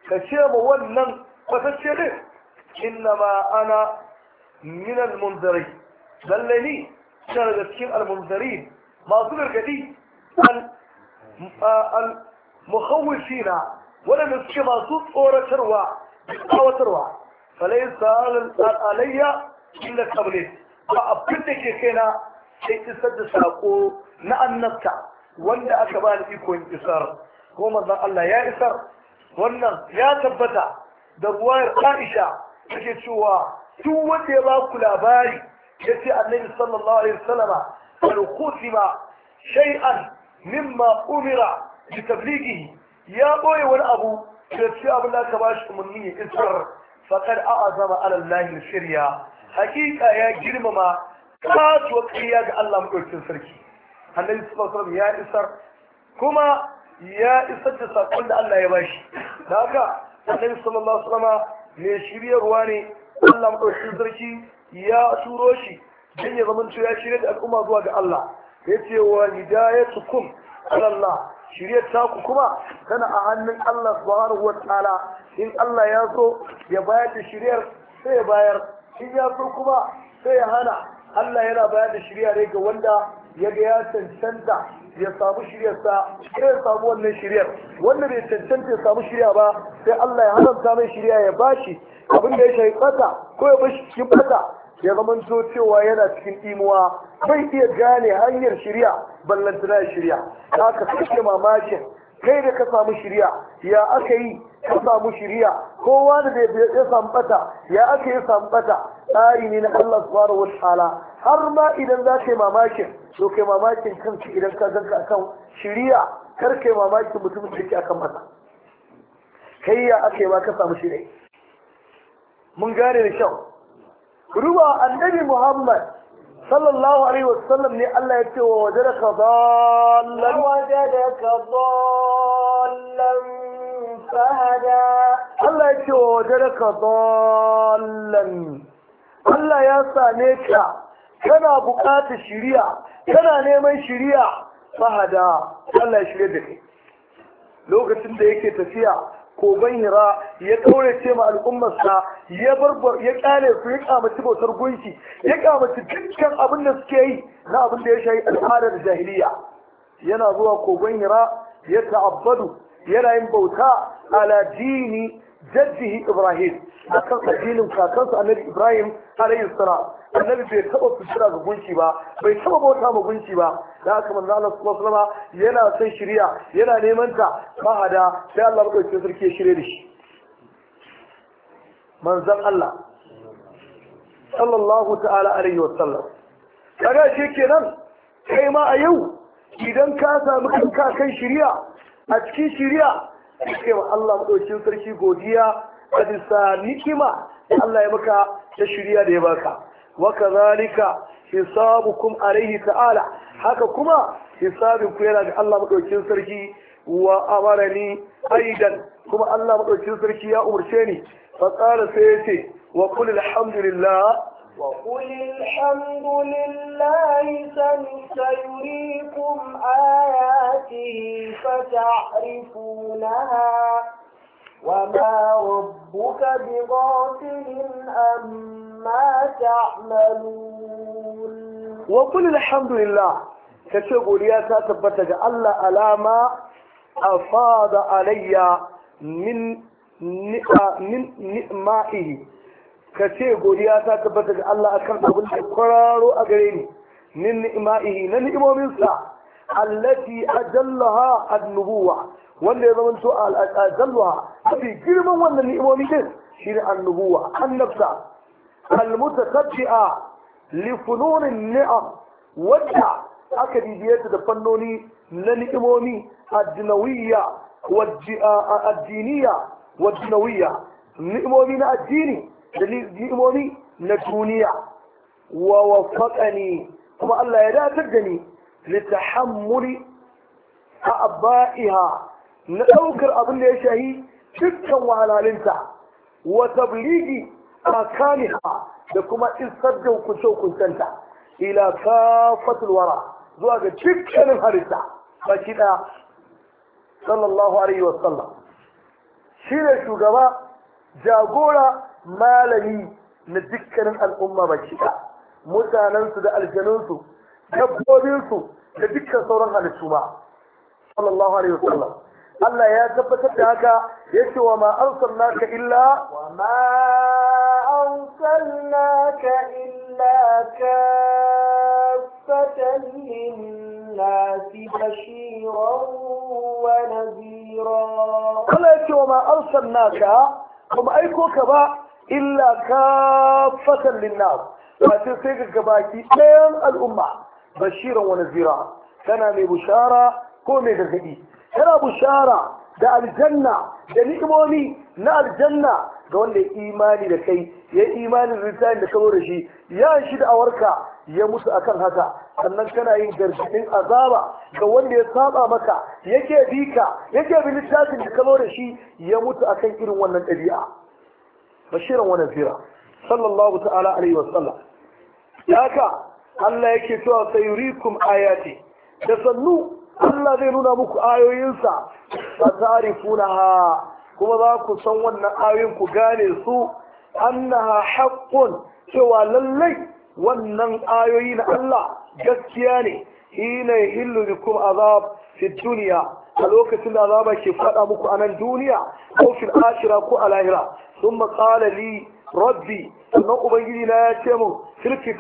ka ce ma wannan fatacce din innama ana minal munzari lalle ni suna daga cikin almunzarin masu gargadi al-mukhawishina waɗanda suke masu tsoratarwa tsawatarwa falayin sa'alin al'alayya illa tablet ba abin da ke kaina sai isar da saƙo na annabta wanda aka ba da ikon isar ko manzon Allah ya isar wannan ya tabbata da ruwayar Aisha take cewa duk wanda ya ba ku labari yace annabi sallallahu alaihi wasallam qad khusima shay'an mimma umira bi tablighihi ya boye wani abu da ce abin da aka bashi umarni ya isar faqad a'azama ala allahi shirya hakika ya girmama kasuwa kariya ga Allah madaukakin sarki annabi sallallahu alaihi wasallam ya isar kuma ya isar da sakon da Allah ya bashi da haka annabi sallallahu alaihi wasallam ne shiryarwa ne Allah madaukakin sarki ya turo shi dan ya zamanto ya shirya da al'umma zuwa ga Allah ce wa hidayatukum ala Allah shiryar taku kuma tana a hannun Allah subhanahu wataala in Allah ya so ya bayar da shiryar sai ya bayar in ya so kuma sai ya hana Allah yana bayar da shirya ne ga wanda ya ga ya cancanta ya samu shiryarsa sai ya samu wannan shiryar wanda bai cancanta ya samu shirya ba sai Allah ya haramta mai shirya ya bashi abin da ya shafi ko ya bashi cikin fata ya zamanto cewa yana cikin imuwa bai iya gane hanyar shirya ballantana shirya da aka sake mamakin kai da ka samu shirya ya aka yi ka samu shirya kowa da ya samu bata ya aka yi samu bata tsari ne na Allah subhanahu wasu ta'ala har ma idan za ka yi mamakin to kai mamakin kanka idan ka zanka akan shirya kar kai mamakin mutumin da yake akan bata kai ya aka yi ma ka samu shirya mun gane da kyau ruwa annabi Muhammad sallallahu alaihi wasallam ne Allah ya ce wa wajadaka dallan wajadaka dallan fahada Allah ya ce wa wajadaka dallan Allah ya same ka kana buƙatar shiriya kana neman shiriya fahada Allah ya shirya da kai lokacin da yake tafiya kogon hira ya kaurace ma al'ummarsa ya barbar ya kyale su ya kamaci bautar gunki ya kamaci dukkan abin da suke yi na abin da ya shayi al'adar jahiliya yana zuwa kogon hira ya ta'abbadu yana yin bauta ala dini jaddihi ibrahim akan addinin kakansa annabi ibrahim alayhi salam annabi bai taba fitura ga gunki ba bai taba bauta ma gunki ba da haka manzo yana son shiriya yana neman ta fahada sai Allah madaukakin sarki ya shirye da shi manzon Allah sallallahu ta'ala alaihi wasallam kaga kenan kai ma a yau idan ka sami kanka kan shiriya a cikin shiriya kai wa Allah madaukin sarki godiya a bisa nikima da Allah ya maka ta shirya da ya baka wa hisabu kum alaihi ta'ala haka kuma hisabin ku yana ga Allah madaukin sarki wa amarani aidan kuma Allah madaukin sarki ya umarce ni fa tsara sai yace wa kulli alhamdulillah وقل الحمد لله يريكم آياته فتعرفونها وما ربك بغافل أما تعملون وقل الحمد لله كشغل يا تثبت الله ألاما أفاض علي من من نعمائه ka ce godiya ta tabbata ga Allah akan abin da kwararo a gare ni min ni'ma'ihi na ni'imominsa allati ajallaha annubuwa wanda ya zamanto ajallaha mafi girman wannan ni'imomi din shine annubuwa annabta almutaqatti'a li fununin ni'am wadda aka bibiye ta da fannoni na ni'imomi addinawiyya wa addiniya wa addinawiyya ni'imomi na addini da ni'imomi na duniya wa waffaqani kuma Allah ya datar da ni litahammuli abba'iha na ɗaukar abin da ya shahi cikin wahalalinta wa tabligi akaniha da kuma isar da hukunce hukuncenta ila kafatul wara zuwa ga dukkanin halitta shi ɗaya. sallallahu alaihi wasallam shi ne shugaba jagora malami na dukkanin al'umma ba shi mutanensu da aljanunsu dabbobinsu da dukkan sauran halittu ba sallallahu alaihi wasallam Allah ya tabbatar da haka yace wa ma arsalnaka illa wa ma arsalnaka illa kaffatan lin-nasi bashiran wa nadhira Allah yace wa ma arsalnaka kuma aiko ka ba illa kafatan linnas wato sai ga gabaki ɗayan al'umma bashiran wani zira kana mai bushara ko mai gargaɗi kana bushara da aljanna da ni'imomi na aljanna ga wanda ya imani da kai ya imanin ritayin da kawo da shi ya shi da awarka ya mutu akan haka sannan kana yin gargaɗin azaba ga wanda ya saba maka yake ka, yake bi littafin da kawo da shi ya mutu akan irin wannan ɗabi'a bashiran wani nazira sallallahu ta'ala alaihi wasallam haka Allah yake cewa sayurikum ayati da sannu Allah zai nuna muku ayoyinsa fatarifunaha kuma za ku san wannan ayoyin ku gane su annaha haqqun cewa lallai wannan ayoyi na Allah gaskiya ne hina yahillu bikum azab fi dunya a lokacin da azaba ke fada muku a nan duniya ko fil akhirah ko a lahira sun maƙala li rabbi sannan ubangiji na ya ce mun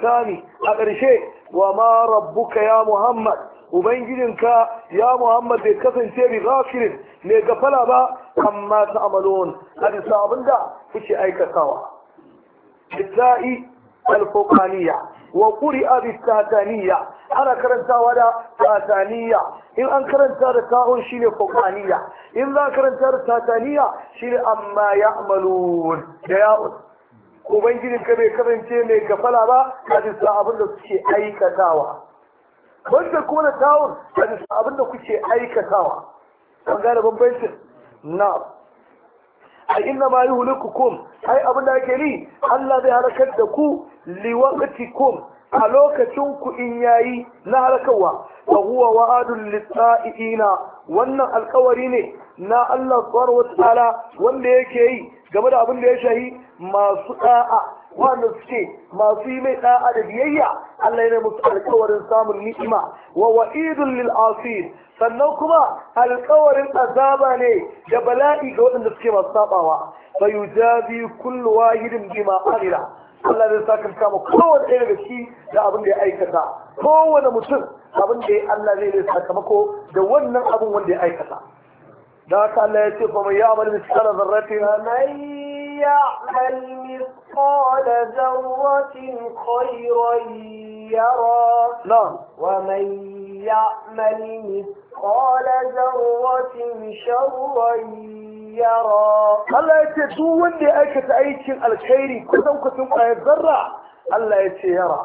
kami" a ƙarshe wa ma rabbuka ya muhammad ubangijinka ya muhammad bai kasance bi ghafirin mai gafala ba amma ta amalon a bisa da kuke aikatawa. Isa'i al wa quri'a bi tataniya ana karantawa da tataniya in an karanta da ta'un shine fuqaniya in za karanta da tataniya shine amma ya'malun da ya'un ubangijin ka bai karance mai gafala ba a bisa abin da suke aikatawa wanda kuma da ta'un a bisa abin da kuke aikatawa an gane bambancin na a inna ma yuhlikukum ai abin da ake ni Allah zai halakar da ku liwaqtikum a lokacin kuɗin in yayi na halakawa fa huwa wa'adun lisa'ina wannan alkawari ne na Allah subhanahu wataala wanda yake yi game da abin da ya shahi masu da'a wanda suke masu yi mai da'a da biyayya Allah yana musu alkawarin samun ni'ima wa wa'idun lil asir sannan kuma alkawarin azaba ne da bala'i ga waɗanda suke masu sabawa fa yujabi kullu wahidin bima amila Allah zai sa karka kowane ɗaya daga ciki da abin da ya aikata kowane mutum abin da ya Allah zai zai sakamako da wannan abin wanda ya aikata da haka Allah ya ce kuma ya amal miskala zarratin man ya'mal miskala zarratin khayran yara na'am wa man ya'mal miskala zarratin yara Allah ya ce duk wanda ya aikata aikin alkhairi kusan kusan kwayar zarra Allah ya ce yara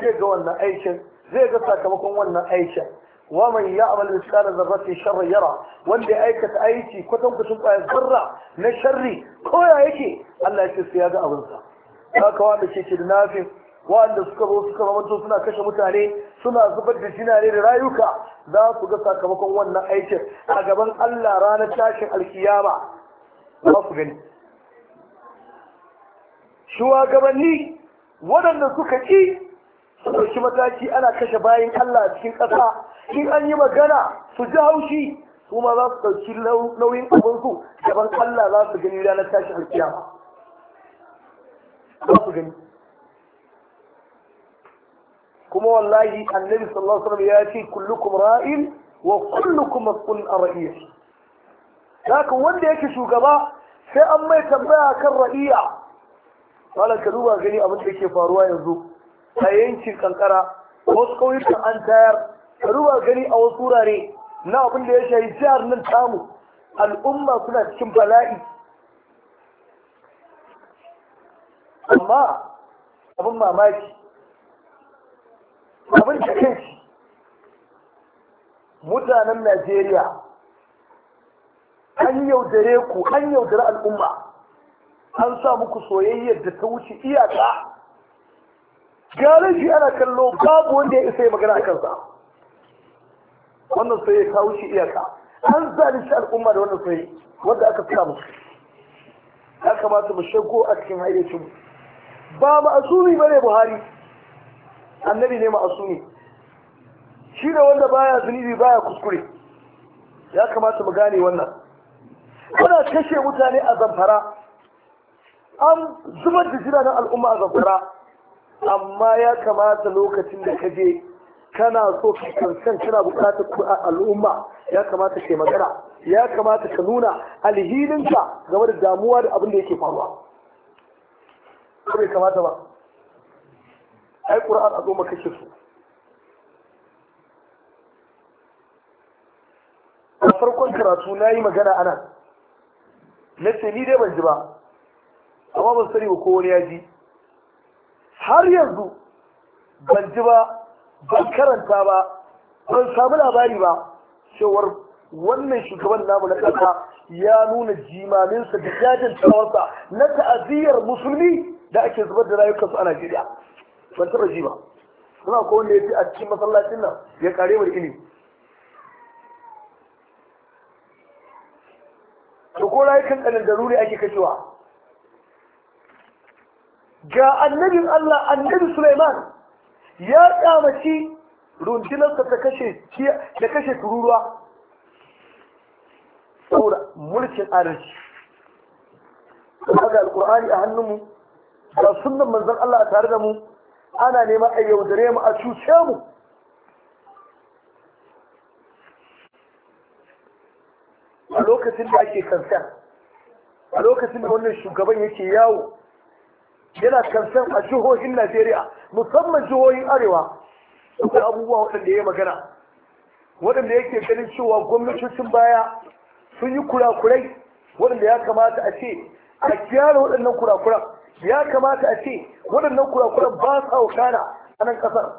zai ga wannan aikin zai ga sakamakon wannan aikin wa man ya'mal mithqala dharratin sharran yara wanda ya aikata aiki kusan kusan kwayar zarra na sharri ko ya yake Allah ya ce sai ya ga abin sa haka wanda ke da nafin Wa'anda suka zo suka zamanto suna kashe mutane suna zubar da jinare da rayuka za su ga sakamakon wannan aikin a gaban Allah ranar tashin alkiyama za su gani shugabanni waɗanda suka ƙi su ɗauki mataki ana kashe bayan Allah cikin ƙasa in an yi magana su ji haushi su ma za su ɗauki nauyin abinsu gaban Allah za su gani ranar tashin alkiyama su gani kuma wallahi annabi sallallahu alaihi wasallam ya ce kullukum ra'in wa kullukum mas'ulun an ra'iyati haka wanda yake shugaba sai an mai tambaya kan ra'iya malam ka duba gani abin da yake faruwa yanzu a yankin kankara wasu ƙauyukan an tayar ka duba gani a wasu wurare na abin da ya shayi jihar nan tamu al'umma suna cikin bala'i amma abin mamaki abin cikin shi mutanen najeriya an yaudare ku an yaudare al'umma an sa muku soyayyar da ta wuce iyaka garin shi ana kallo babu wanda ya isa ya magana a kansa wannan soyayya ta wuce iyaka an shi al'umma da wannan soyayya wanda aka sa musu ya kamata mu shago a cikin hayyacin ba ma ba ne buhari annabi ne ma'asumi shi da wanda baya zunubi baya kuskure ya kamata mu gane wannan kuna kashe mutane a zamfara an zubar da jiragen al'umma a zamfara amma ya kamata lokacin da ka je kana so ka kankan kana bukatar al'umma ya kamata ka magana ya kamata ka nuna alhilinka game da damuwa da abin da yake faruwa. Ko bai kamata ba. ai ƙur'an a zo maka kashe su a farkon karatu na yi magana ana na ce ni dai ban ji ba amma ban sani ba ko wani ya ji har yanzu ban ji ba ban karanta ba ban samu labari ba cewar wannan shugaban namu na ƙasa ya nuna jimaminsa da jajin tawarsa na ta'aziyar musulmi da ake zubar da rayukansu a Najeriya ban taɓa ji ba suna ko wanda ya fi a cikin masallacin nan ya kare mu ilimi to ko rayukan kanan daruri ake kashewa ga annabin Allah annabi Sulaiman ya kyamaci rundunar ta kashe kashe tururuwa saboda mulkin adalci kuma ga alkur'ani a hannunmu ga sunan manzon Allah a tare da mu ana neman a yaudare mu a cuce mu a lokacin da ake kansa a lokacin da wannan shugaban yake yawo yana kansan a jihohin najeriya musamman jihohin arewa da abubuwa waɗanda ya magana waɗanda yake ganin cewa gwamnatocin baya sun yi kurakurai waɗanda ya kamata a ce a gyara waɗannan kurakuran ya kamata a ce waɗannan kurakuran ba sa wakana a nan ƙasar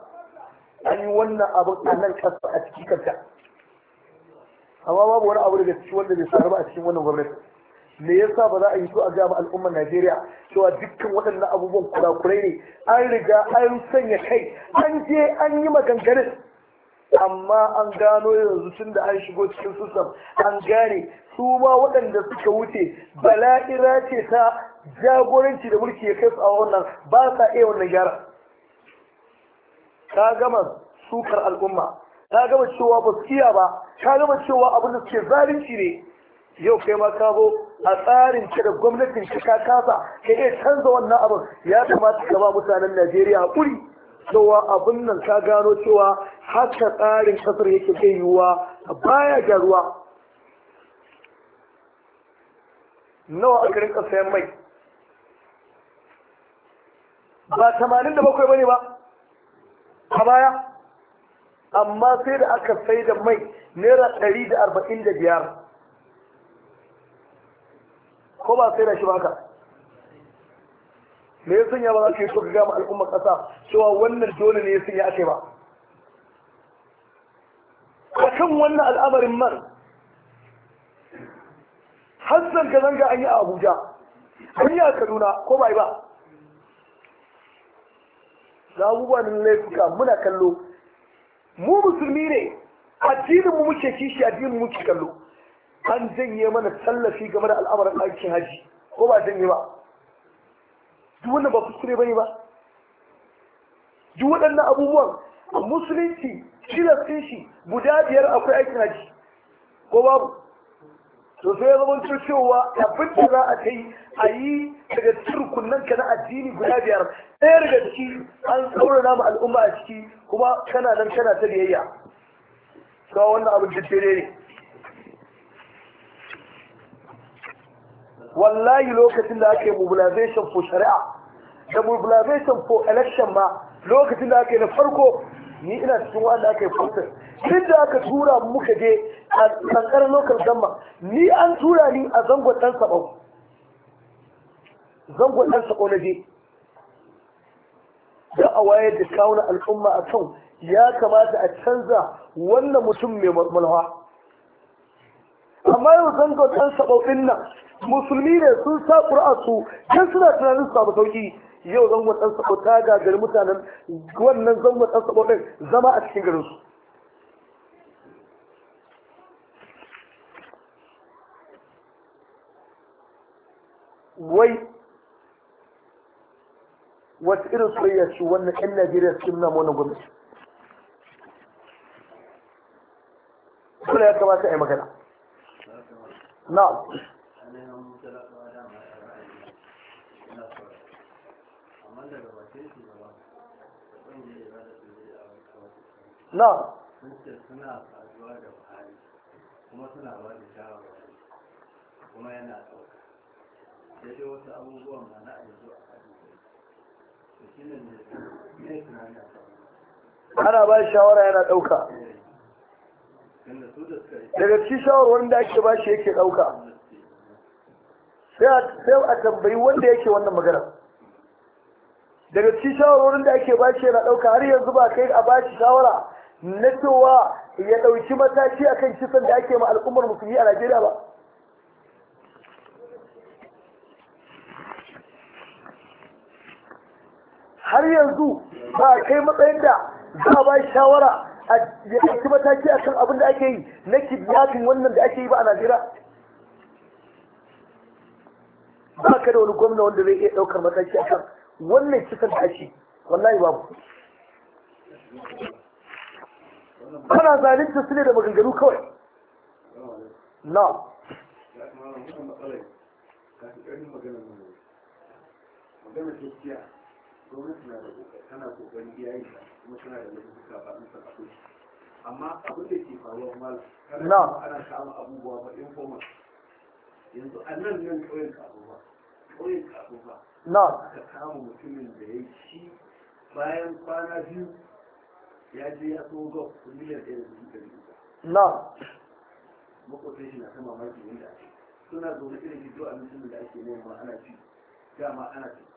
an yi wannan abin a nan ƙasar a cikin kanta amma babu wani abu daga ciki wanda bai sa ba a cikin wannan gwamnati me yasa ba za a yi so a gaba al'ummar Najeriya cewa dukkan waɗannan abubuwan kurakurai ne an riga an sanya kai an je an yi maganganun amma an gano yanzu tun da an shigo cikin sistem an gane su ma waɗanda suka wuce bala'ira ce ta jagoranci da mulki ya kai su a wannan ba sa iya wannan gyara ka gama sukar al'umma ka gama cewa ba su iya ba ka gama cewa abin da suke zalunci ne yau kai ma ka a tsarin ce da gwamnatin ka ka kasa ka iya canza wannan abin ya kamata ka ba mutanen najeriya kuri cewa abin nan ka gano cewa haka tsarin kasar yake kai yiwuwa baya gyaruwa nawa aka rinka sayan mai ba tamanin da bakwai bane ba a baya amma sai da aka sai da mai naira ɗari da arba'in da biyar ko ba sai da shi baka me ya sanya ba za ka yi so ka gama al'ummar ƙasa cewa wannan dole ne ya sanya ake ba a kan wannan al'amarin man hassan ka zanga an yi a abuja an yi a kaduna ko ba yi ba da abubuwan laifuka muna kallo mu musulmi ne addinin mu muke kishi addinin mu muke kallo an janye mana tallafi game da al'amarin aikin haji ko ba janye ba duk wannan ba kuskure bane ba duk waɗannan abubuwan a musulunci tilastin shi guda biyar akwai aikin haji ko babu to sai ya zama cewa abin da za a kai a yi daga nan ka na addini guda biyar ɗaya daga ciki an tsaurana ma al'umma a ciki kuma kana nan kana ta biyayya ga wannan abin da tere ne wallahi lokacin da aka yi mobilization for shari'a da mobilization for election ma lokacin da aka yi na farko ni ina cikin wanda aka yi fotar duk da aka tura muka je a tsakar local gamma ni an tura ni a zangon ɗan sabon zangon ɗan sako na je da a wayar da kawunan al'umma a kan ya kamata a canza wannan mutum mai mulhawa amma yau zangon ɗan sako ɗin nan musulmi ne sun sa ƙura'a su kan suna tunanin su samu sauƙi yau zangon ɗan sako ta gagari mutanen wannan zangon ɗan sako ɗin zama a cikin garinsu wai wasu irin soyayya su wannan 'yan najeriya su nuna wannan gwamnati kula ya kamata a yi magana na na kuma suna ba da kuma yana ɗauka sai dai wasu abubuwan na a ana ba shawara yana ɗauka daga cikin shawarwarin da ake ba shi yake ɗauka sai a tambayi wanda yake wannan magana daga cikin shawarwarin da ake ba shi yana ɗauka har yanzu ba kai a ba shi shawara na cewa ya ɗauki mataki akan kisan da ake ma al'ummar musulmi a najeriya ba har yanzu ba kai matsayin da za ba shawara a ya ɗauki mataki akan abin da ake yi na kidnapping wannan da ake yi ba a najeriya ba ka da wani gwamna wanda zai iya ɗaukar mataki a kan wannan kisan tashi wallahi babu kana zalunta su ne da maganganu kawai na Yeah. gwamnati na da tana kokarin iya yi kuma tana da laifuka ba in sa akwai amma abin da ke faruwa mala kana ana samun abubuwa ba informal yanzu a nan nan ƙauyen karuwa ƙauyen karuwa ka kama mutumin da ya yi shi. bayan kwana biyu ya je ya so ga miliyan ɗaya da dubu ɗari na makwabcin shi na ta mamaki yadda ake suna zaune irin gido a mutumin da ake nema ana ci dama ana ci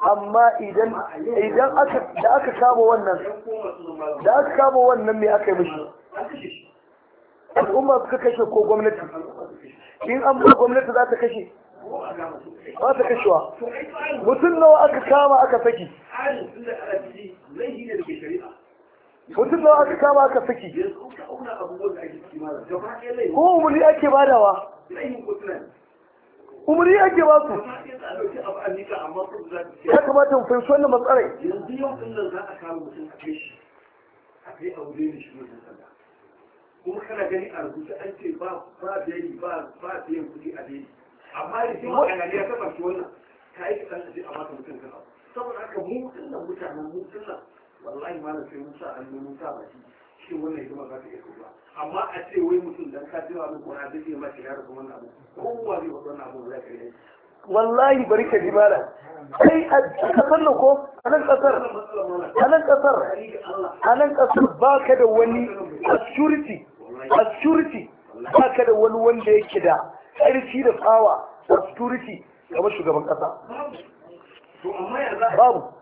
amma idan idan aka da aka kama wannan da aka kama wannan me aka yi mishi al'umma suka kashe ko gwamnati in an ba gwamnati za ta kashe ba ta kashewa mutum nawa aka kama aka saki mutum nawa aka kama aka saki ko umarni ake badawa umarni ake ba su ya kamata mu fahimci wannan matsalar yanzu yau din nan za a kawo mutum a kai shi a kai aure ne shi mutum sanda kuma kana gani a rubuce an ce ba ba beli ba ba biyan kuɗi a beli amma da shi ma kanani ya saba shi wannan ka yi kaɗan a je a maka mutum kaza saboda haka mu dinnan mutanen mu dinnan wallahi malam sai mun sa an yi mun sa baki shin wannan hikima za ta iya amma a ce wai mutum dan ka zai iya ya wannan abu kowa zai wannan abu za ka yi wallahi bari ka ji kai a kasar nan ko a nan kasar a nan kasar a nan kasar ba ka da wani assurity assurity ba ka da wani wanda yake da ƙarfi da fawa assurity kamar shugaban kasa babu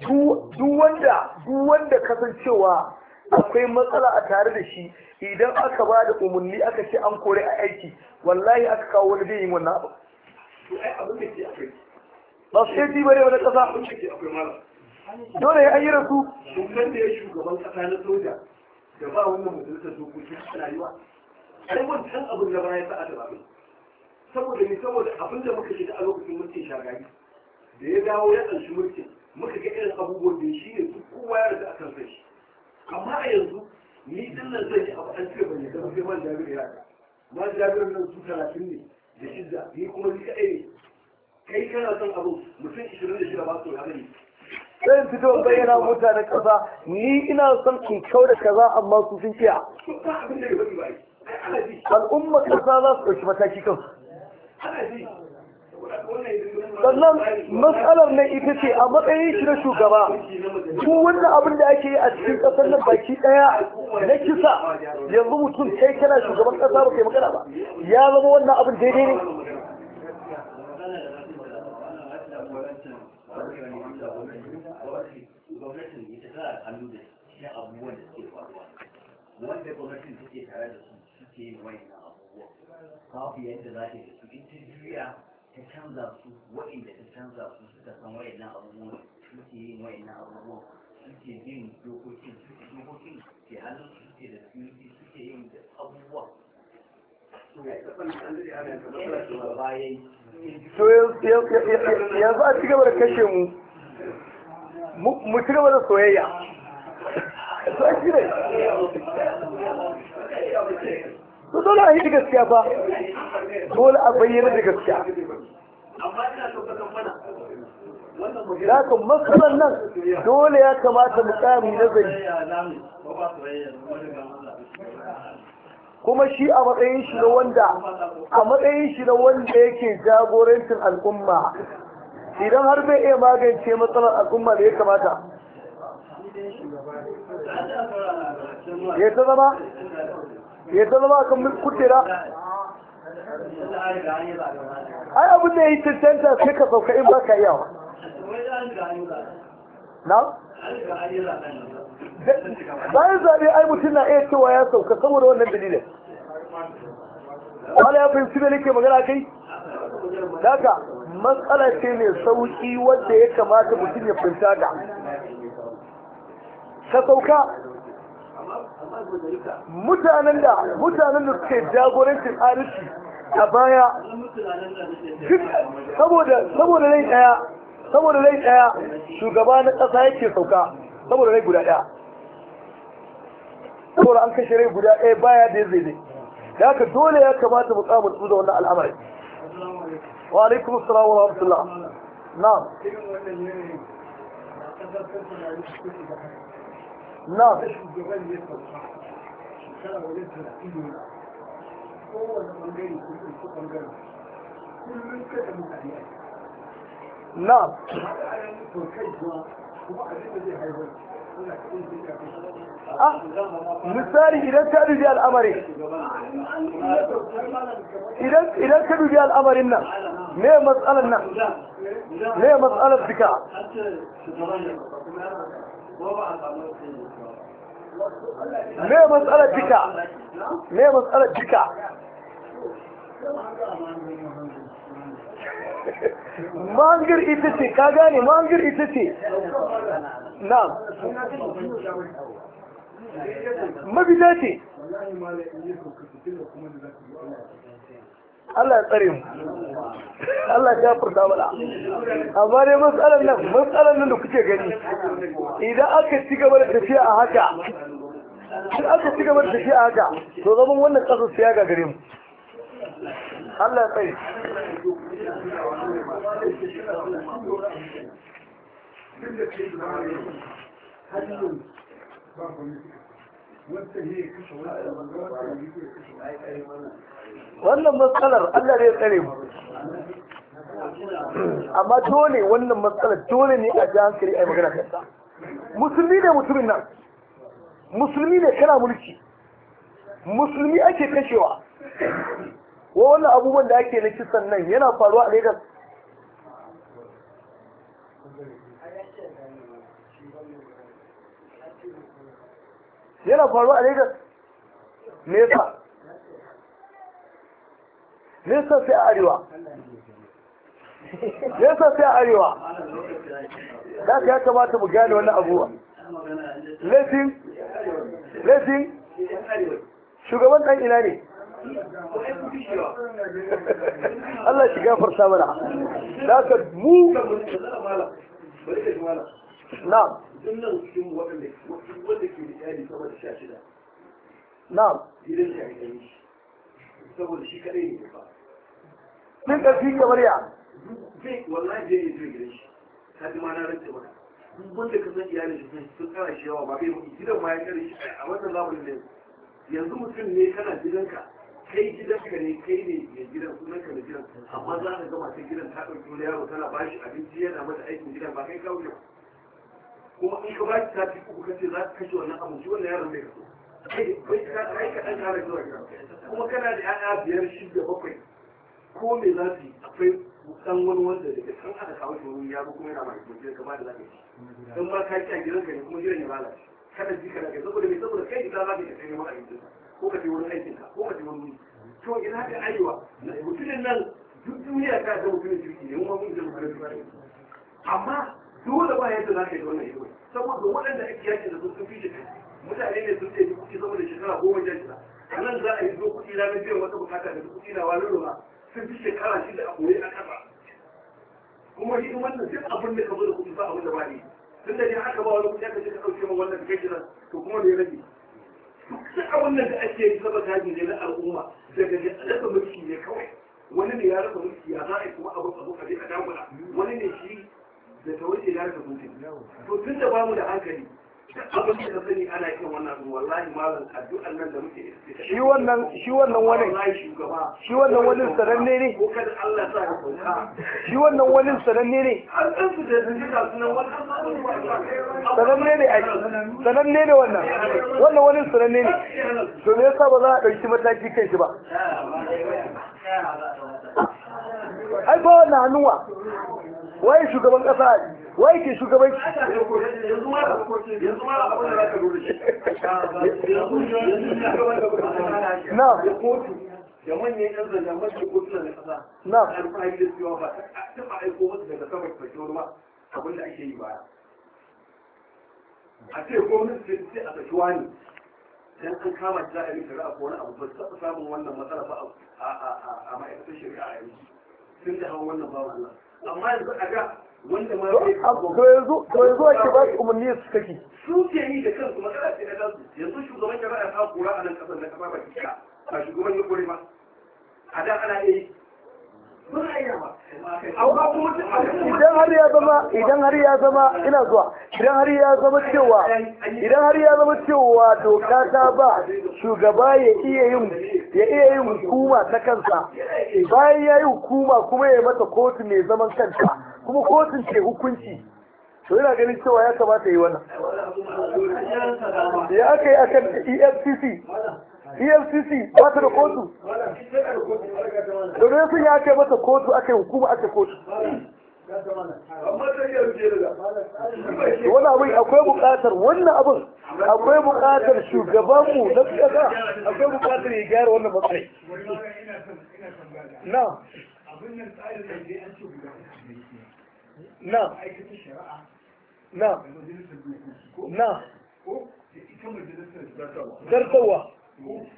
duk wanda kasancewa akwai matsala a tare da shi idan aka ba da umarni aka ce an kore a aiki wallahi aka kawo wani zai yi wannan abu ba su yi bare wani kasa dole ya ayyara su dukkan da ya shugaban kasa na soja da ba wannan majalisar dokoki a rayuwa ai san abin da ba ya sa'a da ba saboda ni saboda abin da muka shiga a lokacin mulkin shagari da ya dawo ya ɗanshi mulkin muka ga irin abubuwan da shi ne duk kowa ya riga akan kan shi amma a yanzu ni dinnan zan yi abu an ce ban yadda sai man jami'a ya ka ma jami'a nan su talatin ne da shidda ni kuma ni kaɗai ne kai kana son abu mutum ishirin da shida ba su labari zan fito bayyana mutanen kaza. ni ina son in kyau da kaza amma su sun kiya al'umma ƙasa za su ɗauki mataki kansu sannan matsalar nan ita ce a matsayin shi na shugaba Tun wannan abin da ake yi a cikin kasar nan baki daya na kisa yanzu mutum kai kana shugaban ƙasa ba kai magana ba ya zama wannan abin daidai ne wanda ta canza su wa'inda ta canza su suka san wa'innan abubuwan suke yin wa'innan abubuwan suke bin dokokin dokokin ke hannun su suke da security suke yin da abubuwa yanzu a cigaba da kashe mu mu cigaba da soyayya to dole a yi da gaskiya ba dole a bayyana da gaskiya da ka matsalar nan dole ya kamata mu na zai. kuma shi a matsayin shi na wanda a matsayin shi na wanda yake jagorancin al'umma idan har bai iya magance matsalar al'umma da ya kamata ya ta zama yadda zama a kan ai abin da ya yi cancanta sai ka sauka in baka yawa na? bayan zaɓe ai mutum na iya cewa ya sauka saboda wannan dalilin wala ya fahimci da nake magana kai daga matsala ce mai sauki wadda ya kamata mutum ya fahimta da ka sauka mutanen da mutanen da suke jagorancin adalci a baya saboda rai daya saboda rai daya shugaba na kasa yake sauka saboda rai guda daya saboda an kashe rai guda daya baya da zai ne da haka dole ya kamata mu tsamu tsu da wannan al'amari wa alaikum assalam wa rahmatullah na'am نعم مثالي آه، إذا سألوا ذي الأمرين إذا سألوا ذي الأمرين ليه مسألة ليه مسألة ذكاء Mai matsalar duka mai matsalar duka mangir ita ce ka gane mangir ita ce na mabida ce Allah ya tsare mu Allah ya furta mana amma dai matsalar nan matsalar nan da kuke gani idan aka ci gaba da tafiya a haka idan aka ci gaba da tafiya a haka to zaman wannan ƙasar su ya gagare mu Allah ya tsare Thank you. wannan matsalar Allah ya tsare mu amma dole wannan matsalar dole ne a ji hankali a yi magana kansa musulmi ne mutumin nan musulmi ne kana mulki musulmi ake kashewa wa wannan abubuwan da ake na kisan nan yana faruwa a Lagos yana faruwa a Lagos nesa nesa sai a arewa nesa sai a arewa za ka ya kamata mu gane wani abuwa lafin lafin shugaban ɗan ina ne <laughs> Allah shiga farsa mana da ka mu na'am sunan cikin waɗanda wanda ke da iyali sama da sha shida na'am gidan shi a gidan shi saboda shi kaɗai ne ba sun ƙarfi ga murya zai wallahi zai yi zai gidan shi ka na rantsa maka duk wanda ka sun shi yawa ba ba gidan ma ya kare shi a wannan zamanin ne yanzu mutum ne kana gidanka kai gidanka ne kai ne mai gidan sunanka na gidan amma za ka gama ta gidan ta ɗauki wani yaro tana ba shi abinci yana mata aikin gidan ba kai kawo ba kuma in ka baki ta fi uku kace za ka kashe wannan abu shi wannan yaron bai kaso kai ka kai ka dan kare zuwa kuma kana da yaya biyar shida bakwai ko me za su yi akwai dan wani wanda daga can aka kawo shi wani yaro kuma yana mai godiya gaba da zaka yi in ba ka ki a gidanka ne kuma gidan ya lalace kada ji kana kai saboda me saboda kai da za ka kai neman abincin ko ka je wurin aikin ka ko ka je wurin to ina ga aiwa mutumin nan duk duniya ta ga mutumin kirki ne mu ma mun da mutumin kirki amma dole ba yadda za ka yi wannan ilimin saboda waɗanda ake yakin da sun fi shi mutane ne sun ce ni kuɗi sama da shekara goma sha shida a nan za a yi zo kuɗi na na biyan wata bukata da kuɗi na wani ruwa sun fi shekara da a koyi a ƙasa kuma shi wannan duk abin da ka zo da kuɗi ba abin da ba ne tun da ne aka ba wani kuɗi aka ce ka ɗauke ma wannan kai kiran to kuma ne rage duk abin da ake yi saboda ne na al'umma daga ne alaƙa mulki ne kawai wani ne ya rasa mulki ya za a yi kuma abin abin a je a dagula wani ne shi da ta wuce da ka mutu to tun da bamu da hankali abin da ka sani ana kin wannan abin wallahi malam addu'an nan da muke shi wannan shi wannan wani shi wannan wani sananne ne ko kada Allah sa shi wannan wani sananne ne an san su da sunan wannan sananne ne ai sananne ne wannan wannan wani sananne ne to me yasa ba za a dauki mataki kai shi ah, ba ai ba wannan hannuwa waye shugaban kasa waye ke shugaban yanzu ma yanzu ma abin da za ka lura shi yanzu yanzu na kotu da manyan yan zanga mace kotuna na kasa na alfahari da cewa ba ta taba aiko wasu daga sabar fashe ruwa abin da ake yi ba a ce gwamnati sai a saki wani dan an kama ta a rikara a wani abu ba su taɓa samun wannan matsala ba a ma'aikatar shari'a a yanzu sun da hawan wannan bawan Allah amma yanzu a ga wanda ma to yanzu to yanzu ake ba su umarni su kake su ke ni da kansu matsala ce na kansu yanzu shugaban jama'a ta kura a nan kasar na kafa ba kika ba shugaban ya kore ma a da ana yi idan har ya zama idan har ya zama ina zuwa idan har ya zama cewa idan har ya zama cewa doka ta ba shugaba ya iya yin ya iya yin hukuma ta kansa bayan ya yi hukuma kuma ya mata kotu mai zaman kanta kuma kotun ce hukunci to yana ganin cewa ya kamata yi wannan ya aka yi akan efcc efcc ba ta da kotu domin sun ya ce mata kotu aka yi hukuma aka kotu wani abin akwai bukatar wannan abin akwai bukatar shugabanmu na kasa akwai bukatar ya gyara wannan matsayi na na na na Na.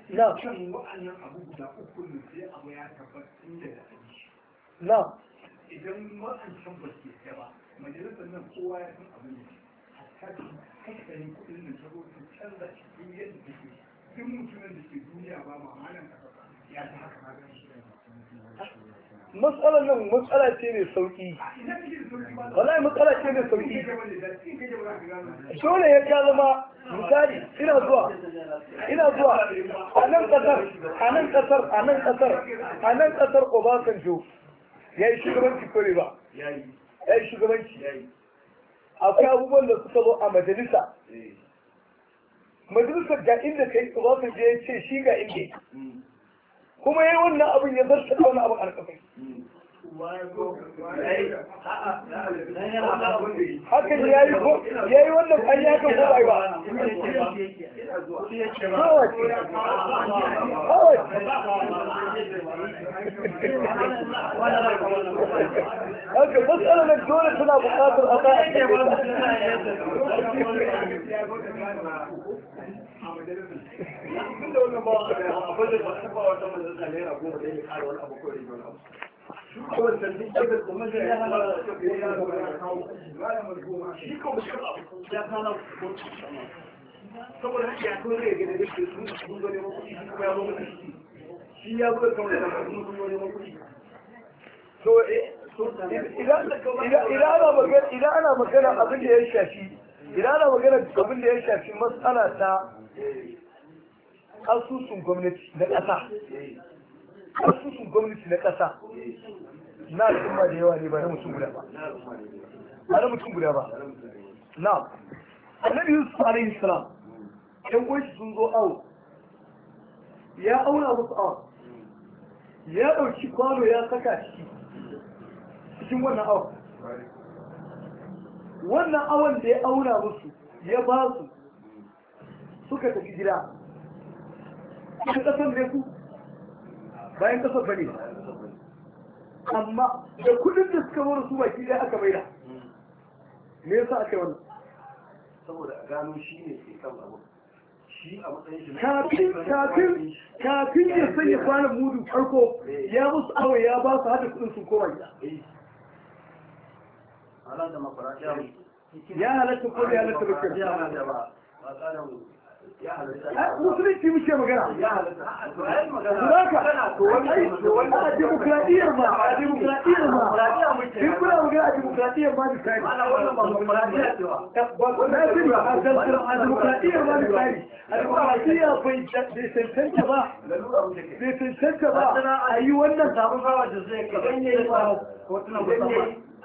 na wa'annan abu guda uku ne sai abu ya tabbatar da da idan wa'ancan ba su yi ba majalisar nan kowa ya san abu ne hatta kasafin kuɗin da tabo su canza shi duk yadda take duk mutumin da ke duniya ba mamalan ya ta haka magana matsalar nan matsala ce mai sauki wallahi matsala ce mai sauki dole ya ka zama misali ina zuwa ina zuwa a nan kasar a nan kasar a nan kasar a nan kasar obasanjo ya yi shugabanci kore ba ya yi shugabanci akwai abubuwan da suka zo a majalisa eh. majalisar ga inda kai obasanjo ya ce shi ga inda mm. kuma yayi wannan abin ya zarta da wani abin alƙafai hakan ya yi ko ya yi wannan an yaka ko bai ba kawai kawai haka matsalar da dole suna buƙatar a ba saboda haka ya kuma rage da duk su sun gane makuɗi shi kuma ya zo mutu shi ya zo kawai da kuma sun gane makuɗi so idan ana magana abin da ya shafi idan ana magana abin da ya shafi matsala ta kasusun gwamnati na ƙasa gwamnati na ƙasa na al'umma da yawa ne ba na mutum guda ba ba na mutum guda ba na annabi yusuf alaihi salam yan uwanshi sun zo awo ya auna musu awo ya ɗauki kwano ya saka ciki cikin wannan awo wannan awon da ya auna musu ya ba su suka tafi gida cikin ƙasar bayan ƙasar ba ne amma da kudin da suka zo da su baki ɗaya aka maida me yasa aka yi wannan saboda a gano shi ne ke kan abu kafin ya sanya kwanan mudu farko eh. ya musu awa ya ba su hada kudin su koma gida eh. ya halatta ko ya halatta Eh, musulunci muke magana zaka a demokradiyyar ma a demokradiyyar ma in kuna magana a demokradiyyar ma misali eh, na a ba a demokradiyyar ma misali a demokradiyya bai cancanta ba bai cancanta ba a yi wannan samun kawo da zai ka ganye ba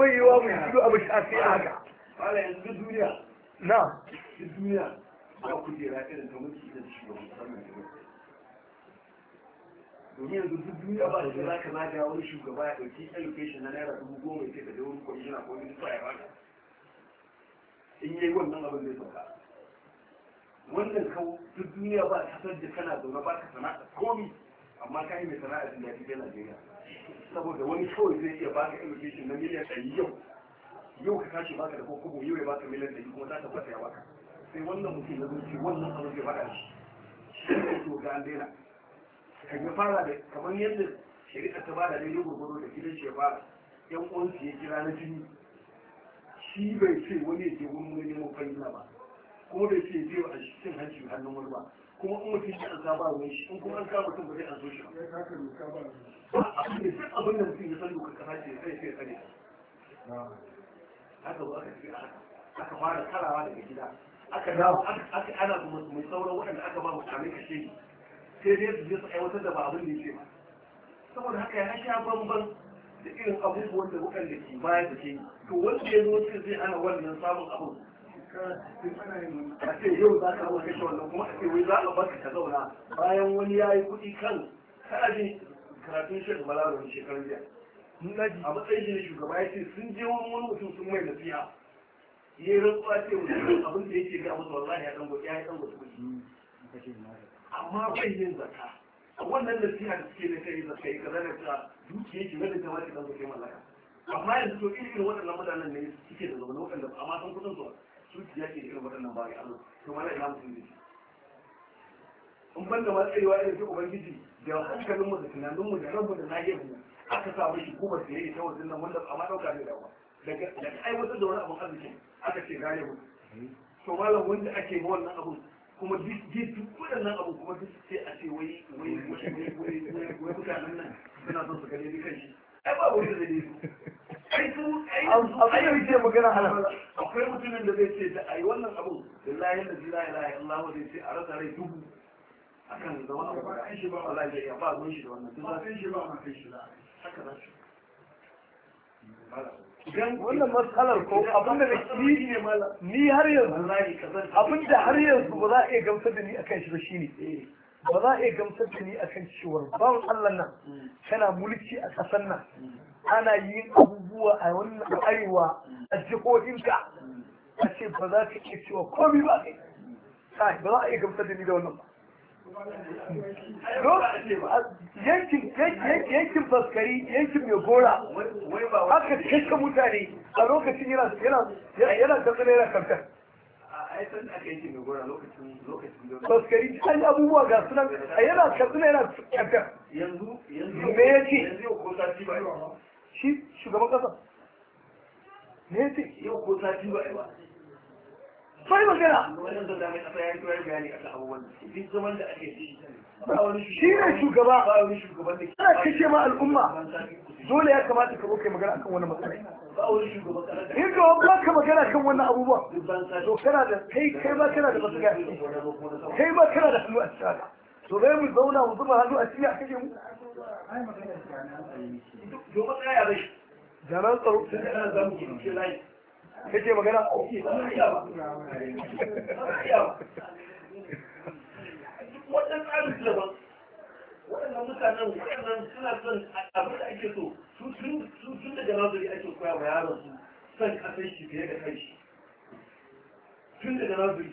bai yiwa mai shiru abu shafi a haka wala yanzu duniya na duniya ba kujera irin ta mutu da shugaban musamman da domin yanzu duk duniya ba da za ka zaga wani shugaba ya ɗauki allocation na naira dubu goma ya ce ka je wani kwamishina ko wani duka ya baka in yi wannan abin zai sauka wannan kawo duk duniya ba ta san kana zaune ba ka sana'a komi amma ka yi mai sana'a jin daɗi ta Najeriya saboda wani kawai zai iya baka invitation na miliyan ɗari yau yau ka kashe baka da kokobo yau ya baka miliyan ɗari kuma za ta fata ya baka sai wannan mutum na zuci wannan abin zai baka shi shi ne to ga an daina kan ya fara da kamar yadda shari'a ta bada daidai gurgurdo da gidan shi ya fara yan uwansu ya kira na jini shi bai ce wani ya je wurin wani neman fahimta ba kuma bai ce ya je a cikin hanci hannun wani ba kuma in mutum ya ansa ba wani shi in kuma an kama mutum ba zai ansa shi ba abin da duk abin da mutum ya san doka kasa ce sai sai kare haka ba aka ce aka fara karawa daga gida aka dawo aka ana kuma mai sauran waɗanda aka ba mutane kashe ne sai dai su je su aiwatar da ba abin da yake ba saboda haka ya sha bamban da irin abubuwan da waɗanda ke bayar da ke to wanda ya zo sai zai ana wannan samun abin a yau za ka zama kashe wannan kuma a wai za a baka ka zauna bayan wani ya yi kuɗi kan kaji karatun shekaru bala da shekarun jiya a matsayin shi shugaba ya ce sun je wani wani mutum sun mai nasiha ya yi rantsuwa ce mutum abin da yake ga musu wallahi ya dango ya yi dango kuɗi amma bai yin zakka wannan nasiha da suke na kai zaka yi kaza da ta dukiya ki wadda ta wace dango kai mallaka amma yanzu to irin waɗannan mutanen ne suke da na waɗanda amma sun kusan zuwa su ya ke irin waɗannan bayan Allah to mana ina mutum ne in ban da matsayiwa irin sai ubangiji da hankalin mu da tunanin mu da rabu da nahiyar mu aka sa mishi ko ba su yayi ta wajen nan wanda amma dauka ne Da daga daga aiwatar da wani abun arziki aka ce gane mu to malam wanda ake ma wannan abun kuma duk duk waɗannan abu kuma duk sai a ce wai wai wai wai wai nan suna son su gane ni kan shi ai ba wuri da ne ai su ai yau ce magana halal akwai mutumin da zai ce da yi wannan abu billahi la ilaha illa Allah zai ce a rasa rai dubu akan da wani abu an shi ba Allah ya ba mun shi da wannan tun zafin shi ba mun shi da haka za shi wannan matsalar ko abinda da shi ni har yanzu abinda har yanzu ba za a iya gamsar da ni akan shi ba shine eh. ba za a iya gamsar da ni akan cewar bawan Allah nan kana mulki a ƙasar nan ana yin abubuwa a wannan arewa a ka. a ce ba za ka iya cewa komi ba kai ba za a iya gamsar da ni da wannan ba yankin yankin Faskari, yankin mai gora aka kashe mutane a lokacin yana yana yana yana aisan ta yi mai abubuwa ga sunan yana katsina yana kyakkyar yanzu yanzu me ya ce yanzu ko ba shi shugaban ƙasa me ya ce yau ko ba sai magana shi ne shugaba ana kashe ma al'umma dole ya kamata ka kai magana kan wani matsala in ka ba ka magana kan wannan abubuwa to kana da kai kai ba kana da masaka kai ba kana da hannu a cikin to dai mu zauna mu zuba hannu a cikin a kashe mu jaran tsaro kake magana wannan tsarin daban waɗannan mutanen waɗannan suna son abin da ake so sun daga nazari ake koya wa yaron su son kasar shi fiye da kai shi tun daga nazari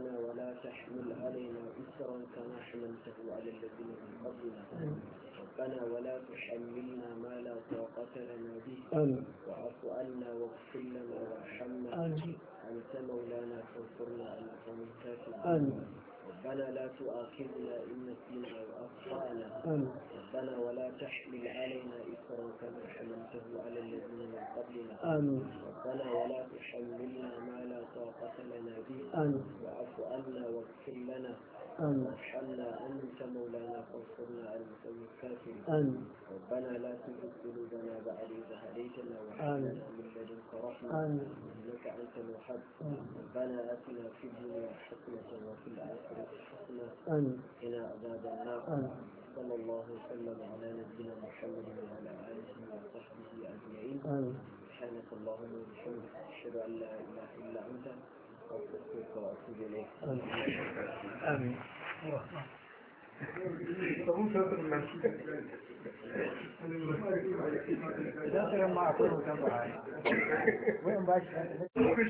ربنا ولا تحمل علينا إسرا كما حملته على الذين من قبلنا ربنا ولا تحملنا ما لا طاقة لنا به واعف عنا واغفر لنا وارحمنا أنت مولانا فانصرنا على قوم الكافرين ربنا لا تؤاخذنا إن نسينا وأخطأنا ربنا ولا تحمل علينا إصرا كما حملته على الذين من قبلنا آمين ربنا ولا تحملنا ما لا طاقة لنا به آمين واعف عنا واغفر لنا آمين وارحمنا أنت مولانا فانصرنا على القوم الكافرين آمين ربنا لا تزغ قلوبنا بعد إذ هديتنا وهب من لدنك رحمة آمين إنك أنت الوهاب ربنا آتنا في الدنيا حسنة وفي الآخرة أن إلى عباد الله صلى الله وسلم على نبينا محمد وعلى آله وصحبه أجمعين سبحانك اللهم وبحمدك أشهد أن لا إله إلا أنت أستغفرك وأتوب إليك آمين داخل معكم وين